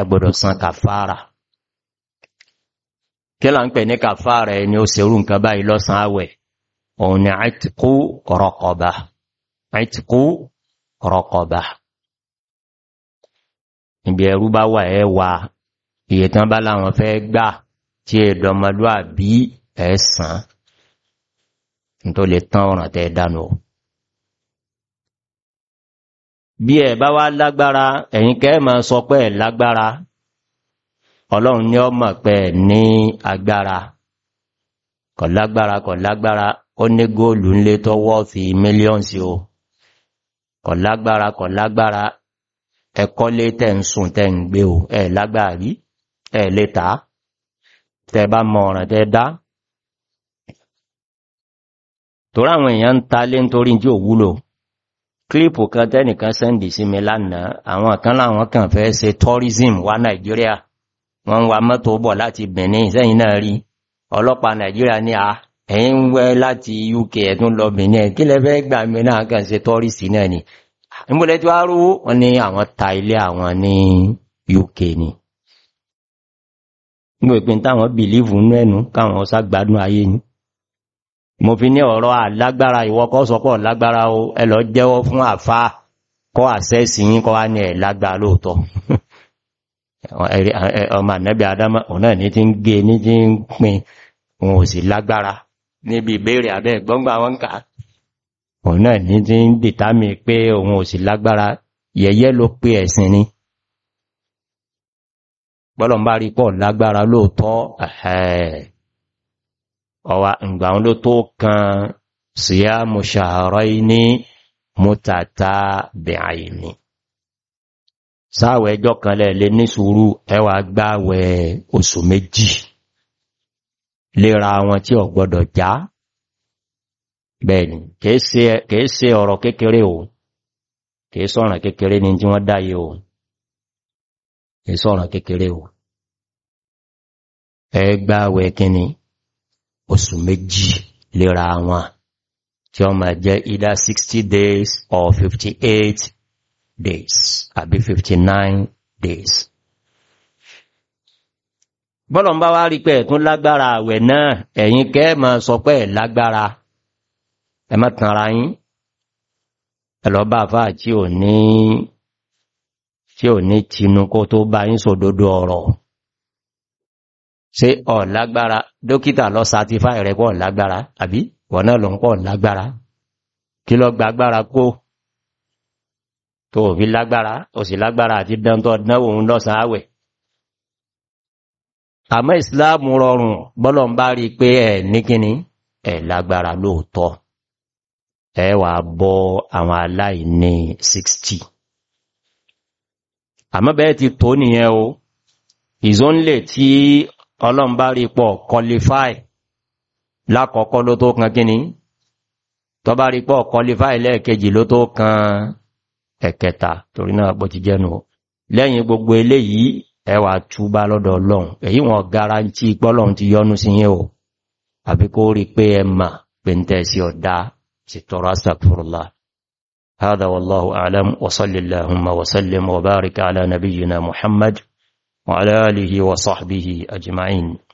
ẹ gbọ́dọ̀ san kàfàrà kí ń pè ní kàfàrà ẹni ó ṣerú nǹkan báyìí lọ́sàn àwẹ̀ òun ni àìtìkú rọ̀kọ̀bá àìtìkú rọ̀kọ̀bá ìbí ẹrú bá wà ẹ wà iye tán bá láwọn fẹ́ gbà tí ẹ̀dọ̀mọlúà bí ẹ̀sàn tó lè tán ọ̀ràn tẹ́ dánú bí ẹ bá wá lágbára ẹ̀yin kẹ́ máa sọ pé ẹ lágbára ọlọ́run ní ọmọ pé ẹ ní agbára kò lágbára kò lágbára ó ní góòlù ńlé tọwọ́ fi mílíọ̀nsì o kò lágbára kò lágbára ẹ̀kọ́ lé tẹ́ ń sùn tẹ́ ń gbé o ẹ̀ lágbára rí ẹ̀ lé kílípù kan tẹ́nìkan sẹ́ndì sí mi lánàá àwọn kan láwọn kan fẹ́ ṣe tourism wá nàìjíríà wọ́n wa mọ́tò bọ̀ láti Benin sẹ́yìn náà rí ọlọ́pàá nàìjíríà ní a ẹ̀yìn ń wẹ́ láti UK ẹ̀tún lọ Benin kí lẹ fẹ́ gbà mí náà kàn ṣe tourist náà ni ìmúlẹ̀ tí wàá rówó wọn ní àwọn ta ilé àwọn ní UK ni gbogbo ìpín táwọn bìlíìfù nú ẹnu káwọn ọsá gbádùn ayé ni mo fi ní ọ̀rọ̀ alágbára ìwọ́kọ́ sọpọ̀ lágbára o ẹlọ jẹ́wọ́ fún àfá kọ́ àṣẹ́sì yí kọ́ wá ní ẹ̀ lágbà lóòtọ́ ọmọ ànẹ́bí adámọ́ ọ̀nà ní ti ń gé ní ti ń pin wọn ò sì lágbára níbi ìbéèrè abẹ́ gbọ́ngbà wọn ọwà ǹgbà ló tó kan síyámù ṣàháràínì mútàtà bẹ̀àìní sáàwẹ̀ ẹjọ́ kan lẹ́ẹ̀lẹ́ ní sùúrù ẹwà gbáwẹ̀ oṣù méjì lera wọn tí ó gbọ́dọ̀ já bẹ́ẹ̀ni kìí ṣe ọ̀rọ̀ kékeré o kìí sọ̀rọ̀ kékeré ni tí wọ́n dáyé o kìí sọ̀rọ̀ kékeré o ẹgbáwẹ̀ kíni oṣù méjì lera wọn tí ó máa jẹ́ either 60 days or 58 days àbí 59 days. Bọ́lọ̀ ń bá wá rí pé ẹ̀tún lágbára àwẹ̀ náà ẹ̀yin kẹ́ máa sọ pé ẹ̀ lágbára ẹ má tanra yín ẹ̀lọ́bà fáà tí ò ní tinú kó tó bá yín sòdodo ọ̀rọ̀ ṣe ọ̀lágbára dókítà lọ sátífáì rẹ̀ pọ̀ lágbára àbí wọ̀n náà lọ ń pọ̀ lágbára kí lọ gbàgbára kó tó fi lágbára ó sì lágbára àti dántọ́ dánwò ń lọ́sàn áwẹ̀ àmọ́ ìsìláàmù rọrùn bọ́lọ̀ ń bá rí pé ẹ̀ ní kíní ẹ̀ lágbára lóòtọ́ ẹ wà bọ́ àwọn aláìní 60 àmọ́ bẹ́ẹ̀ ti tó nìyẹn o ìzónlẹ̀ tí ọlọ́run bá rí pọ̀ qualify lákọ̀ọ́kọ́ ló tó kan kíní tọ́ bá rí pọ̀ qualify lẹ́ẹ̀kejì ló tó kan ẹ̀kẹta torí náà bó ti jẹ́nu lẹ́yìn gbogbo eléyìí ẹwà túbá lọ́dọ̀ ọlọ́run èyí wọn garanti pọ́lọ́run ti yọ́nú sí yín o àbí kó rí pé ẹ mà pé ń tẹ́sí ọ̀dá sí tọrọ astagfirullah هذا والله أعلم وصل اللهم وسلم وبارك على نبينا محمد وعلى آله وصحبه أجمعين